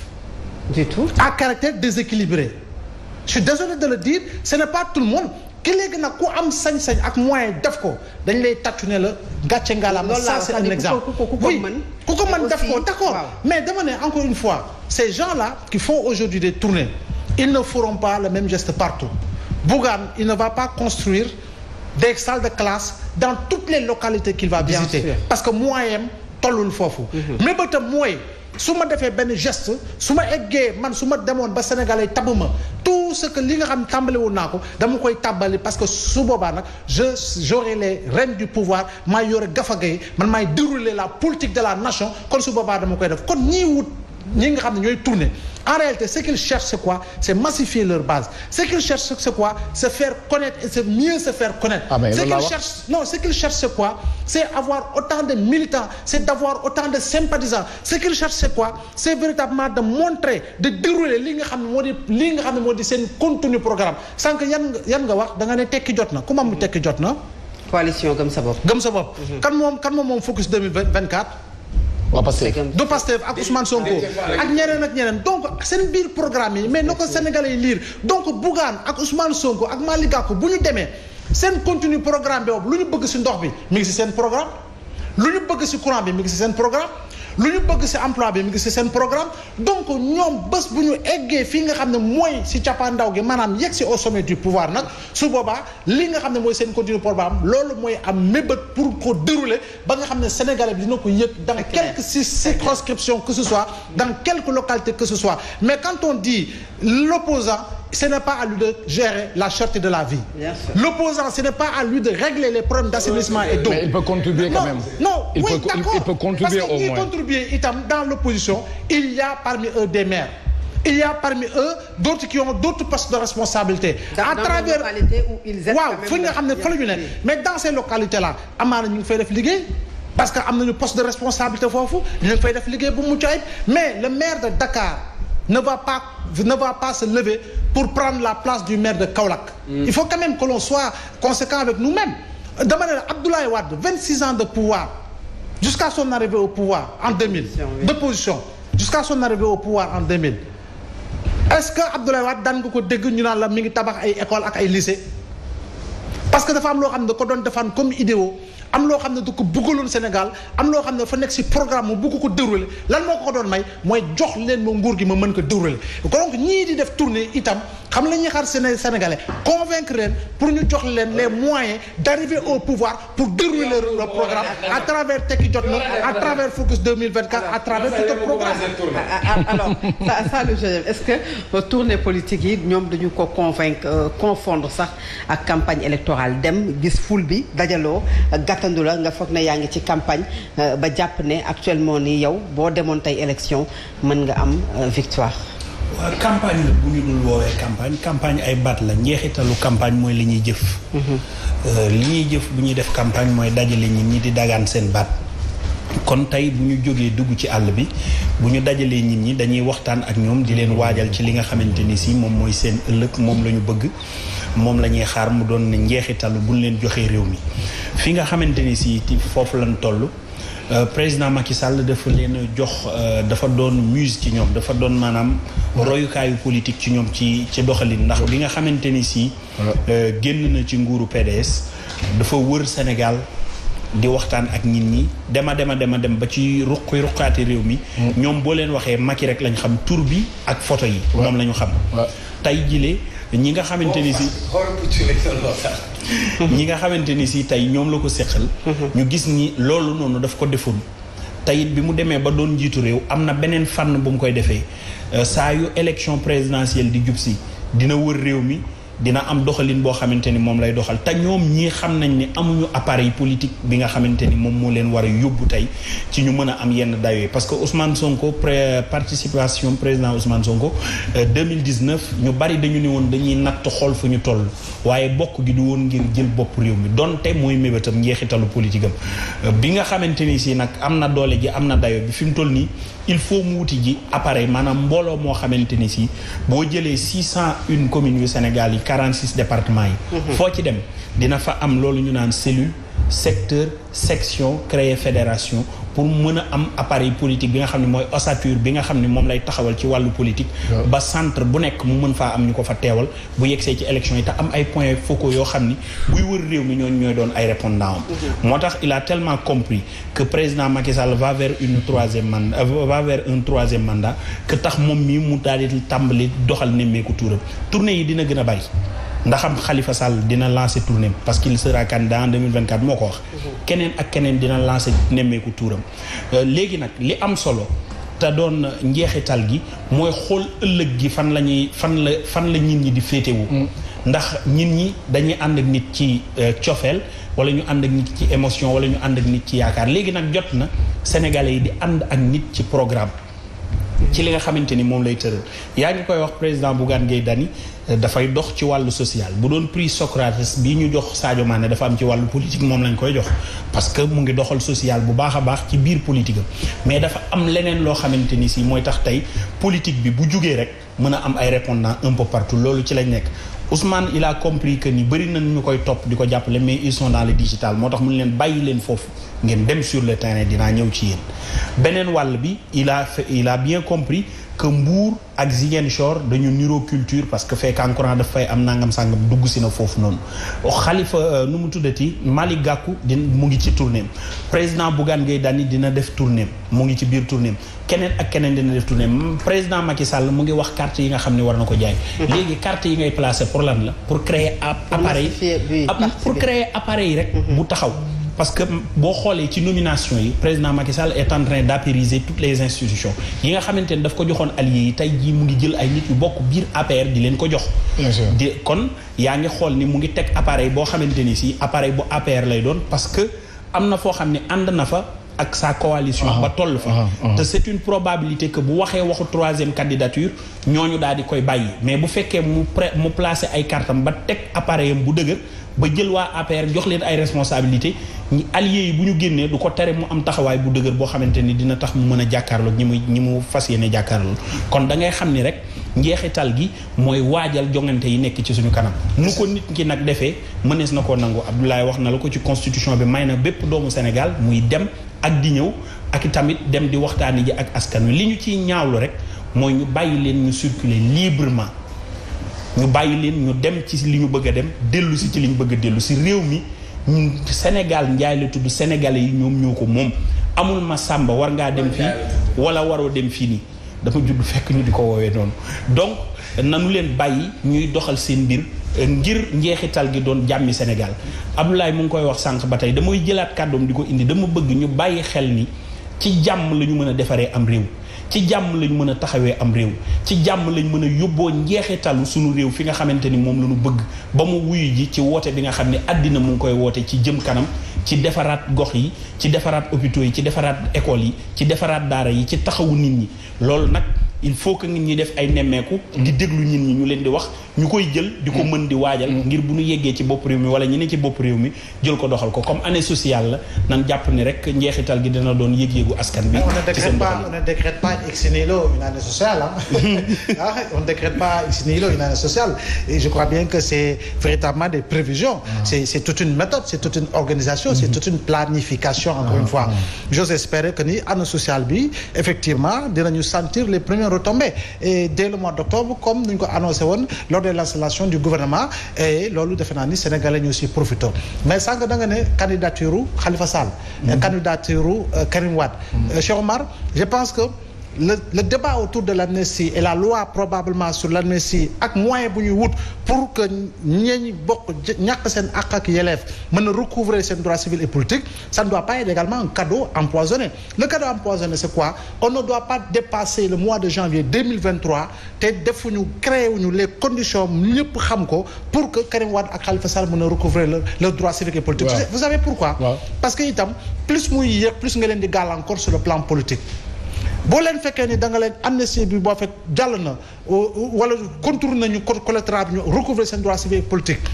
S4: du tout à caractère déséquilibré je suis désolé de le dire ce n'est pas tout le monde ki léegi nag ku am sañ-sañ ak moyen def ko dañ lay tàccu ne la gàcce ngalaama ça c'est un exemple oui ko mën def ko d'accord mais dama ne encore une fois ces gens-là qui font aujourd'hui des tournées ils ne feront pas le même geste partout Bougane il ne va pas construire des salles de classe dans toutes les localités qu'il va visiter parce que moyen tollul foofu mais ba tam su ma defee benn geste su ma eggee man su ma demoon ba sénégalais tabb ma tout ce que li nga xam tàmbali naa ko dama koy tàmbali parce que su boobaa nag je j'aurai les rênes du pouvoir maay yore gafa man maay dérouler la politique de la nation kon su boobaa dama koy def kon ñii wut ñi nga xam ne ñooy tourner en réalité ce qu'ils cherchent c'est quoi c'est massifier leur base ce qu'ils cherchent c'est quoi c'est faire connaître et c'est mieux se faire connaître ah ce qu'ils cherchent non ce qu'ils c'est avoir autant de militants c'est d'avoir autant de sympathisants ce qu'ils cherchent c'est c'est véritablement de montrer de dérouler li nga xam ne moo di li nga xam ne moo di seen contenu programme sànq yan yan nga wax da nga ne tekki jot na ku mam tekki jot na coalition gëm sa bopp gëm sa bopp mhm. moom kan moom moom waa Pastef du Pastef ak Ousmane Sonko ak ñeneen ak ñeneen donc seen biir programme yi mais na ko Sénégalais yi liir donc Bougane ak Ousmane Sonko ak Malick bu ñu demee seen continue programme boobu lu ñu bëgg ci ndox bi mi ngi si seen programme lu ñu bëgg si courant bi mi ngi si seen programme lu ñu bëgg ci emploi mu ngi ci seen programme donc ñoom bés bu ñu eggee fii nga xam ne mooy ci cappaandaw gi maanaam yegg si au sommet du pouvoir nag su boobaa li nga xam ne mooy seen continue programme loolu mooy am mébét pour ko dérouler ba nga xam ne sénégalais bi dina ko yëg dans quelques circonscriptions que ce soit dans quelques localités que ce soit mais quand on dit l'opposant ce n'est pas à lui de gérer la cherté de la vie. L'opposant, ce n'est pas à lui de régler les problèmes d'assainissement ou bien itam dans l'opposition il y a parmi eux des maires il y a parmi de responsabilité à travers
S2: waaw fu nga xam ne fa la ñu ne
S4: mais dans ces localités ñu ngi fay def liggéey parce que am nañu poste de foofu ñu fay def liggéey bu mucc ayib mais le maire de Dakar ne va pas ne va pour prendre la place du de Kaolack mm. il faut quand même que l'on soit conséquent avec nous-mêmes de pouvoir jusqu'à son arrivée au pouvoir en 2000 d'opposition jusqu'à son arrivée au pouvoir en 2000 est-ce que Abdoulaye Wade daan nga ko dégg ñu naan la mi ngi tabax ay école ak ay lycée parce que dafa am loo xam ne ko doon defaan comme idéo am loo xam ne du ko bëggaloon Sénégal am loo xam ne fa nekk si programme mu bëgg ko déroulé lan moo ko doon may mooy jox leen ma nguur gi ma mën ko déroulé donc ñii di def tournée itam xam la ñuy xaar Sénégalais convaincre leen pour ñu jox leen les moyens d'arriver au pouvoir pour dérouler le programme à travers Tekki à travers Focus 2024 à travers tout le programme
S2: alors ça ça le que euh, tournée politique yi ñoom dañu ko convaincre euh, confondre sax ak campagne électorale dem gis foule bi dajaloo euh, gàttandu la nga foog ne yaa ngi ci campagne euh, ba jàpp ne actuellement nii yow boo demoon tey élection mën nga am euh, victoire.
S3: waaw campagne la bu ñu dul woowee campagne campagne ay baat la njeexitalu campagne mooy li ñuy jëf. Mhm. Euh, li ñuy jëf bu ñu def campagne mooy dajale nit ñi di dagaan seen baat. kon tey bu ñu jógee dugg ci àll bi bu ñu dajalee nit ñi dañuy waxtaan ak ñoom di leen waajal ci li nga xamante ni si moom mooy seen ëllëg moom la ñu bëgg moom la ñuy xaar mu doon njeexital bu ñu leen joxee réew mi fi nga xamante ni si foofu lañ toll euh, président Macky Sall dafa leen jox euh, dafa doon muse ci ñoom dafa doon maanaam royukaayu politique ci ñoom ci ci doxalin ndax bi nga xamante ni si euh, génn na ci nguuru PDS dafa wër Sénégal di waxtaan ak nit ñi dema dema dema dem ba ci ruqi ruqaati réew mi mm. ñoom boo leen waxee Macky rek lañ xam tur bi ak photo yi moom la ñu xam tey jile ñi nga xamante ni si ñi nga xamante ni si tey ñoom la ko seqal mm-hmm. ñu gis ni loolu noonu daf ko defoon tey bi mu demee ba doon jiitu réew am na beneen fànn bu mu koy defee euh, saa yu élection présidentielle di jub dina wër réew mi dina am doxalin boo xamante ni moom lay doxal te ñoom ñii xam nañ ni amuñu appareil politique bi nga xamante ni moom moo leen war a yóbbu tey ci ñu mën a am yenn dayo parce que Ousmane Sonko pré participation président Ousmane Sonko 2019 euh, ñu bari dañu ne woon dañuy natt xool fu ñu toll waaye bokk gi du woon ngir jël bopp réew mi donte mooy mébétam njeexitalu politique euh, bi nga xamante ni si nag am na doole ji am na dayo bi fi mu toll nii il faut mu wuti ji appareil maanaam mbooloo moo xamante ni si boo jëlee six cent une communes yu Sénégal yi quarante six départements yi mhm. foo ci dem dina fa am loolu ñu naan cellule secteur section créer fédération pour mën a am appareil politique bi nga xam ne mooy ossature bi nga xam ne moom lay taxawal ci wàllu politique ba centre bu nekk mu mën faa am ñu ko fa teewal bu yegsee ci élection yi te am ay points focaux yoo xam ni buy wër réew mi ñooñu ñooy doon ay répondant am mm-hmm. moo tax il a tellement compris que président Macky Sall va vers une troisième mandat euh, va vers un troisième mandat que tax moom mii mu daal tàmbali doxal nemmeeku tuuram tournée yi dina gën a bari ndaxam xalifa Sall dina lancé tournée parce que qu'il sera candidat en 2024 moo ko wax. Mhm. keneen ak keneen dina lancer nemmeeku tuuram. Euh, léegi nag li am solo te doon njeexital gi mooy xool ëllëg gi fan la ñuy fan la fan la nit ñi di féetewu mhm. ndax nit ñi dañuy ànd ak nit ci euh, cofeel wala ñu ànd ak nit ci émotion wala ñu ànd ak nit ci yaakaar léegi nag jot na sénégalais yi di ànd ak nit ci programme. Mhm. ci li nga xamante ni moom lay tëral yaa ngi koy wax président Bougane Gueye Dany dafay dox ci wàllu social bu doon prix Socrates bi ñu jox Sadio Mané dafa am ci wàllu politique moom lañ koy jox parce que mu ngi doxal social bu baax a baax ci biir politique mais dafa am leneen loo xamante ni si mooy tax tey politique bi bu jugee rek mën a am ay répondants un partout loolu ci lañ nekk Ousmane il a compris que ni bari nañ ñu koy topp di ko jàppale mais ils sont dans moo tax mu leen bàyyi leen foofu ngeen dem sur le terrain dinaa ñëw ci yéen wàll bi il il a bien compris que Mbour ak Ziguinchor dañu niroo culture parce que fekkaan courant daf fay am nangam sàngam dugg si na foofu noonu xalifa oh, euh, nu mu tuddati Malick Gakou di mu ngi ci tournée président Bougane Gueye Dany dina def tournée mu ngi ci biir tournée keneen ak keneen dina def tournée président Macky Sall mu ngi wax carte yi nga xam ne war na ko jaay léegi carte yi ngay placer pour lan la pour créer appareil ah, pour créer appareil rek mhm. bu taxaw parce que boo xoolee ci nomination yi président Macky et est en train d'apériser toutes les institutions yi nga xamante ni daf ko joxoon allié yi tey jii mu ngi jël ay nit yu bokk biir APR di leen ko jox. di kon yaa ngi xool ni mu ngi teg appareil boo xamante ni si appareil bu APR lay doon parce que am na foo xam ne ànd na fa. ak sa coalition ba toll fa te c'est une probabilité que bu waxee waxu troisième candidature ñooñu daal di koy bàyyi mais bu fekkee mu pré mu placé ay kartam ba teg appareil am bu ba jël waa APR jox leen ay responsabilité ñi alliés yi bu ñu génnee du ko tere mu am taxawaay bu dëgër boo xamante ni dina tax mu mën a jàkkaarloog ñi muy ñi mu fas yéene jàkkaarloog kon da ngay xam ni rek njeexital gi mooy waajal jongante yi nekk ci suñu kanam nu ko nit ki nag defee mënees na ko nangu Abdoulaye wax na la ko ci constitution bi may na bépp doomu Sénégal muy dem ak di ñëw ak tamit dem di waxtaani ji ak askan wi li ñu ciy ñaawlu rek mooy ñu bàyyi leen ñu circuler librement ñu bàyyi leen ñu dem ci li ñu bëgg a dem dellu si ci li ñu bëgg a dellu si réew mi ñun Sénégal njaay la tudd sénégalais yi ñoom ñoo ko moom amul ma sàmba war ngaa dem fii wala waroo dem fii nii dafa judd fekk ñu di ko woowee noonu donc nanu leen bàyyi ñuy doxal seen mbir euh, ngir njeexital gi doon jàmmi Sénégal Abdoulaye mu ngi koy wax sànq ba tey damay jëlaat kàddoom di ko indi dama bëgg ñu bàyyi xel ni ci jàmm la ñu mën a defaree am réew ci jàmm lañ mën a taxawee am réew ci jàmm lañ mën a yóbboo njeexitalu suñu réew fi nga xamante ni moom la ñu bëgg ba mu wuyu ji ci woote bi nga xam ne àddina mu ngi koy woote ci jëm kanam ci defaraat gox yi ci defaraat hôpitaux yi ci defaraat école yi ci defaraat daara yi ci taxawu nit ñi loolu nag il faut que nit ñi def ay nemmeeku. di déglu nit ñi ñu leen di wax ñu koy jël. di ko mën di waajal. ngir bu ñu yeggee ci bopp réew mi wala ñu ne ci bopp réew mi jël ko doxal ko comme année sociale la nan jàpp ni rek njeexital gi dana doon yëg-yëgu askan bi. ci seen boppam
S4: on ne décrète pas ex nihilo une année sociale ah. on ne décrète pas ex nihilo une année je crois bien que c' est véritablement des ah. c'est c' une méthode c' est mm-hmm. une planification encore une ah. fois. j'ose espérer que ni année sociale bi effectivement retombées et dès le mois d'octobre comme ni ñu ko annoncé woon lors de l'installation du gouvernement loolu defe naa ni sénégalais ñoo si profité mais sànq da nga ne candidature Khalifa Sall mm-hmm. candidature euh, Karim Wade mm-hmm. euh, Cheikh Omar je pense que le le débat autour de l'amnistie et la loi probablement sur l'amnistie ak moyen bu ñuy wut pour que ñeñ bokk ñàkk seen àq ak yelleef mën a recouvrer seen droit civil et politique ça ne doit pas être également un cadeau le cadeau empoisonné c'est quoi on ne doit pas dépasser le mois de janvier 2023 te defuñu créé wuñu les conditions ñëpp xam ko pour que Karim Wade ak Khalifa Sall mën recouvrer leur droit civique et politique vous savez pourquoi parce que itam plus muy leen di gàllankoor sur le boo leen fekkee ni da nga leen amnistie bi boo fekk jàll na wala contourne nañu code collatéral bi ñu recouvrer seen droit civil politique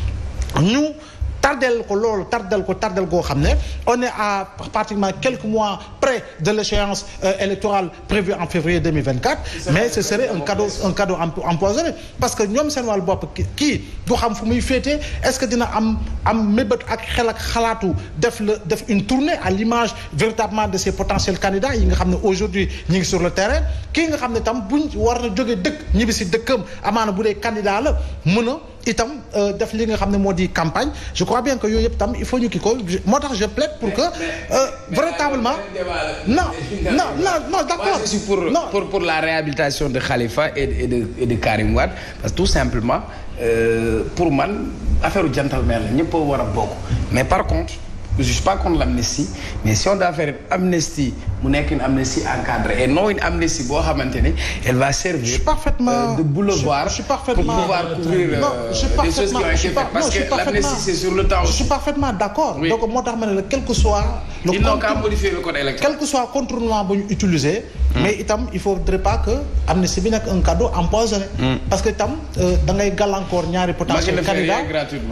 S4: tardel ko loolu tardel ko tardel goo xam ne on est à quelques mois près de l'échéance euh, électorale prévue en février 2024 mais ce serait un cadeau un cadeau empoisonné parce que ñoom seen wàllu bopp kii du xam fu muy féetee est-ce que dina am am mébét ak xel ak xalaatu def la def une tournée à l'image véritablement de ces potentiels candidats yi nga xam ne aujourd'hui ñi ngi sur le terrain kii nga xam ne tam buñ war na jógee dëkk ñibbi si dëkkam amaana bu dee candidat la mën a itam euh, def li nga xam ne moo di campagne je crois bien que yooyu yëpp tam il faut ñu kii ko
S1: moo tax je plaide pour que véritablement non non non non d'accord pour pour pour la réhabilitation de Khalifa et de et Karim Wade parce que tout simplement euh, pour man affaire u gentleman la ñëpp war a bokk mais par contre je ne suis pas contre l'amnistie mais si on ne elle va servir. je suis ont été faites parce que l'amnistie c'est sur le temps aussi. je suis
S4: parfaitement d'accord. donc moo tax ma ne la quel que soit. bu ñu utiliser. Hmm. mais itam il faudrait pas que amnistie bi nekk un cadeau empoisonné. Hmm. parce que itam euh, da ngay ñaari potentiel candidat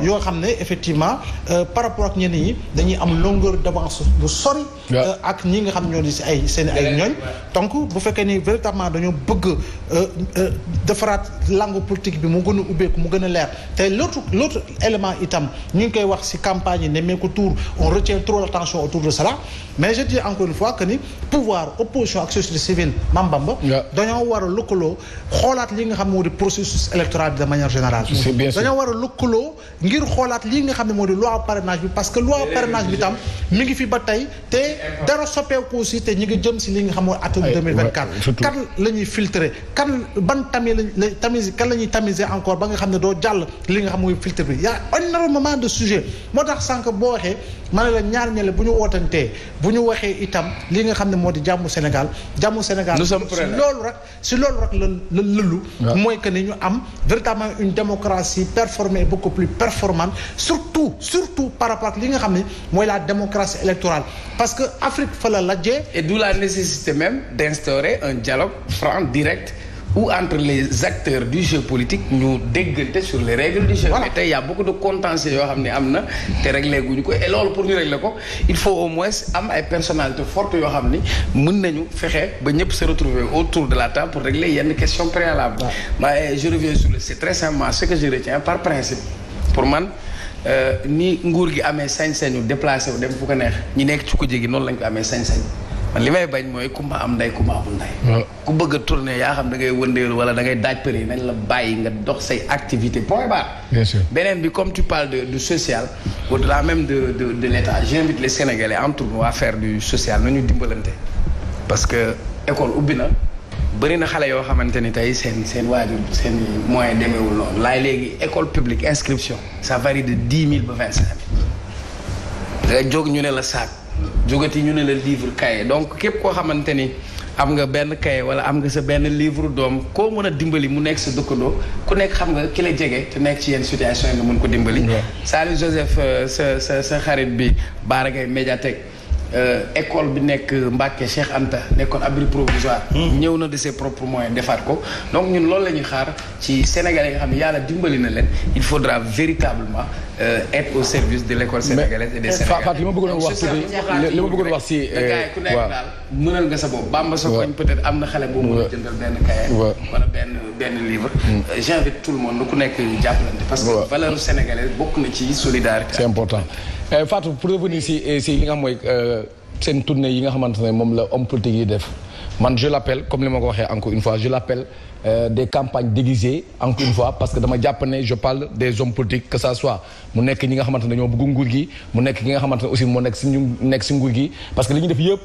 S4: yoo xam ne effectivement euh, par rapport ak ñenn ñi dañuy dañuy am longueur d'avance bu sori. Euh, ak ñi nga xam ñoo di si ay seen ay ñooñ. donc bu fekkee ni véritablement dañoo bëgg euh, euh, defaraat langue politique bi mu gën a ubbeeku mu gën a leer te l'autre l'autre élément itam ñu ngi koy wax si campagne yi ne mais ko tour on retient trop l'attention autour de cela mais je dis encore une fois que ni pouvoir opposition ak société civile mambamba dañoo war a lëkkaloo xoolaat li nga xam moo di processus électoral bi de manière générale. dañoo war a lëkkaloo ngir xoolaat li nga xam ne moo di loi parrainage bi parce que loi parrainage parrainage bi tam mu ngi fi ba tey te dara soppeeku aussi te ñi ngi jëm si li nga xam mooy atum 2024 kan la ñuy filtrer kan ban tamit la tamise kan la ñuy tamiser encore ba nga xam ne doo jàll li nga xam mooy filtre bi y a énormément de sujets moo tax sànq boo waxee ma ne la ñaar ñele bu ñu wootantee bu ñu waxee itam li nga xam ne moo di jàmmu Sénégal jàmmu Sénégal si loolu rek si loolu rek la la lëlu mooy que ni ñu am véritablement une démocratie performée beaucoup plus performante surtout surtout par rapport ak li nga xam ne
S1: mooy la démocratie électorale parce que Afrique fa la lajjee. et d'où la nécessité même d'instaurer un dialogue franc direct. ou entre les acteurs du jeu politique ñu déggante sur les règles du jeu. voilà tey y' a beaucoup de yoo xam ne am na. te réglé guñu ko et loolu pour ñu régler ko il faut au moins am ay personnalités fortes yoo xam ni mën nañu fexe ba ñëpp se retrouver autour de la temps pour régler yenn questions préalables. waaw mais je reviens par principe pour Euh, ni nguur gi amee sañ-sañu déplacé wu dem fu ko neex ñi nekk ci ko gi noonu lañ ko amee sañ-sañ man li may bañ mooy ku am nday ku ma amul nday ku bëgg a tourner yaa xam da ngay wëndeelu wala dangay ngay daaj përi nañ la bàyyi nga dox say activité point barre beneen bi comme tu parles de du social au-delà même de de de l'État j'invite les Sénégalais en tournoi à faire du social nañu dimbalante parce que école ubbi na bëri na xale yoo xamante ni tey seen seen waajur seen moyen demeewul noonu laay léegi école publique inscription ça varie de dix mille ba vingt cinq nga jóg ñu ne la saak jógati ñu ne la livre cahier donc képp koo xamante ni am nga benn cahier wala am nga sa benn livre doom koo mën a dimbali mu nekk sa dëkkandoo ku nekk xam nga ki la jege te nekk ci yenn situation yi nga mën ko dimbali Saliou Joseph euh, sa sa sa xarit bi Baara Gaye Euh, école bi nekk Mbacke Cheikh Anta nekkoon abri provisoire. Hmm. ñëw na de ses propres moyens defaat ko donc ñun loolu la ñuy xaar ci Sénégalais yi nga xam ne yàlla dimbali na leen il faudra véritablement euh, être au service de l' école sénégalaise et des eh, Sénégalais. li ma bëggoon wax si li ma bëggoon wax si. Eh, ku nekk daal mënal nga sa bopp. bamba sa koñ peut être am na xale boo mën a jëndal benn kaye. wala benn benn livre. Hmm. Euh, j' tout le monde ku nekk jàppalante. parce que valeur sénégalaise bokk na ci solidarité. c' est Eh, Fatou pour revenir si eh, si li nga xam mooy eh, seen tournée yi nga xamante ne moom la homme politique yi def man je l'appelle comme li ma ko waxee encore une fois je l'appelle euh, des campagnes déguisées encore une fois parce que dama jàpp ne je parle des hommes politiques que ça soit mu nekk ñi nga xamante ne ñoo bëgg nguur gi mu nekk ñi nga xamante ne aussi moo nekk si ñu nekk si nguur gi parce que li ñu def yëpp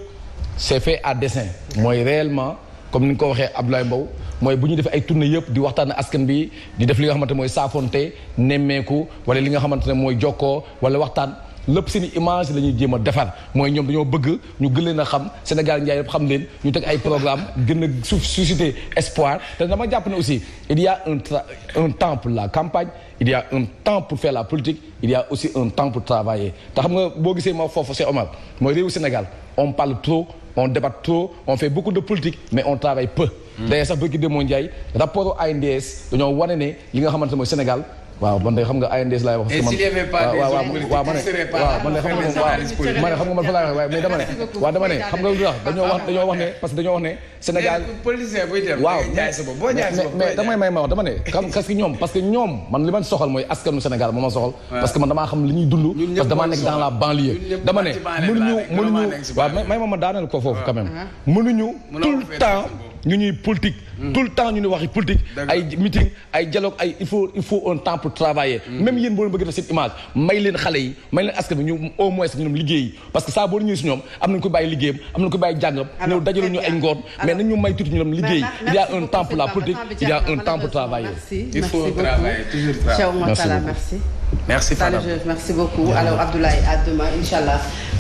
S1: c'est fait à dessein mooy réellement comme ni nga ko waxee Abdoulaye Mbow mooy bu ñuy def ay tournée yëpp di waxtaan askan bi di def li nga xamante ne mooy saafonte nemmeeku wala li nga xamante ne mooy jokkoo wala waxtaan lépp seen image la ñuy jéem a defar mooy ñoom dañoo bëgg ñu gën leen a xam Sénégal njaay yëpp xam leen ñu teg ay programme gën a suuf susciter espoir te dama jàpp ne aussi il y a un un temps la campagne il y un temps pour faire la politique il y aussi un temps pour travailler te xam nga boo gisee ma foofu c'est Omar mooy réewu Sénégal on parle trop on débat trop on fait beaucoup de politique mais on travaille peu hmm. d'ailleurs sax bëgg de moo Ndiaye rapport ANDS dañoo ne li nga xamante mooy Sénégal waaw man de xam nga ANDS laay wax. parce man waaw waaw xam nga waaw man de xam nga man fa laay wax waaye mais dama ne. waaw xam nga lu tax dañoo wax dañoo wax ne parce que ma dama xam parce que ñoom parce que ñoom man li ma soxal mooy askanu Sénégal moo ma soxal. parce que man damaa xam li ñuy dund. parce que damaa nekk dans la ma ma daaneel ko foofu quand même ñu ñuy politique. Hmm. tout le temps ñu ni waxi politique. ay meeting ay dialogue ay il faut il faut un temps pour travailler. Hmm. même yéen boo leen bëgg def seen image may leen xale yi may leen askan bi ñu au moins ñoom liggéey parce que saa boo ñëwee si ñoom am nañu ko bàyyi liggéeyam am nañu ko bàyyi jàngam. alors très ñu ay ngoon mais nañu may tuuti ñu dem liggéey. il y a un temps pour la politique il y a un temps pour travailler. il faut travailler
S2: toujours travailler. merci beaucoup merci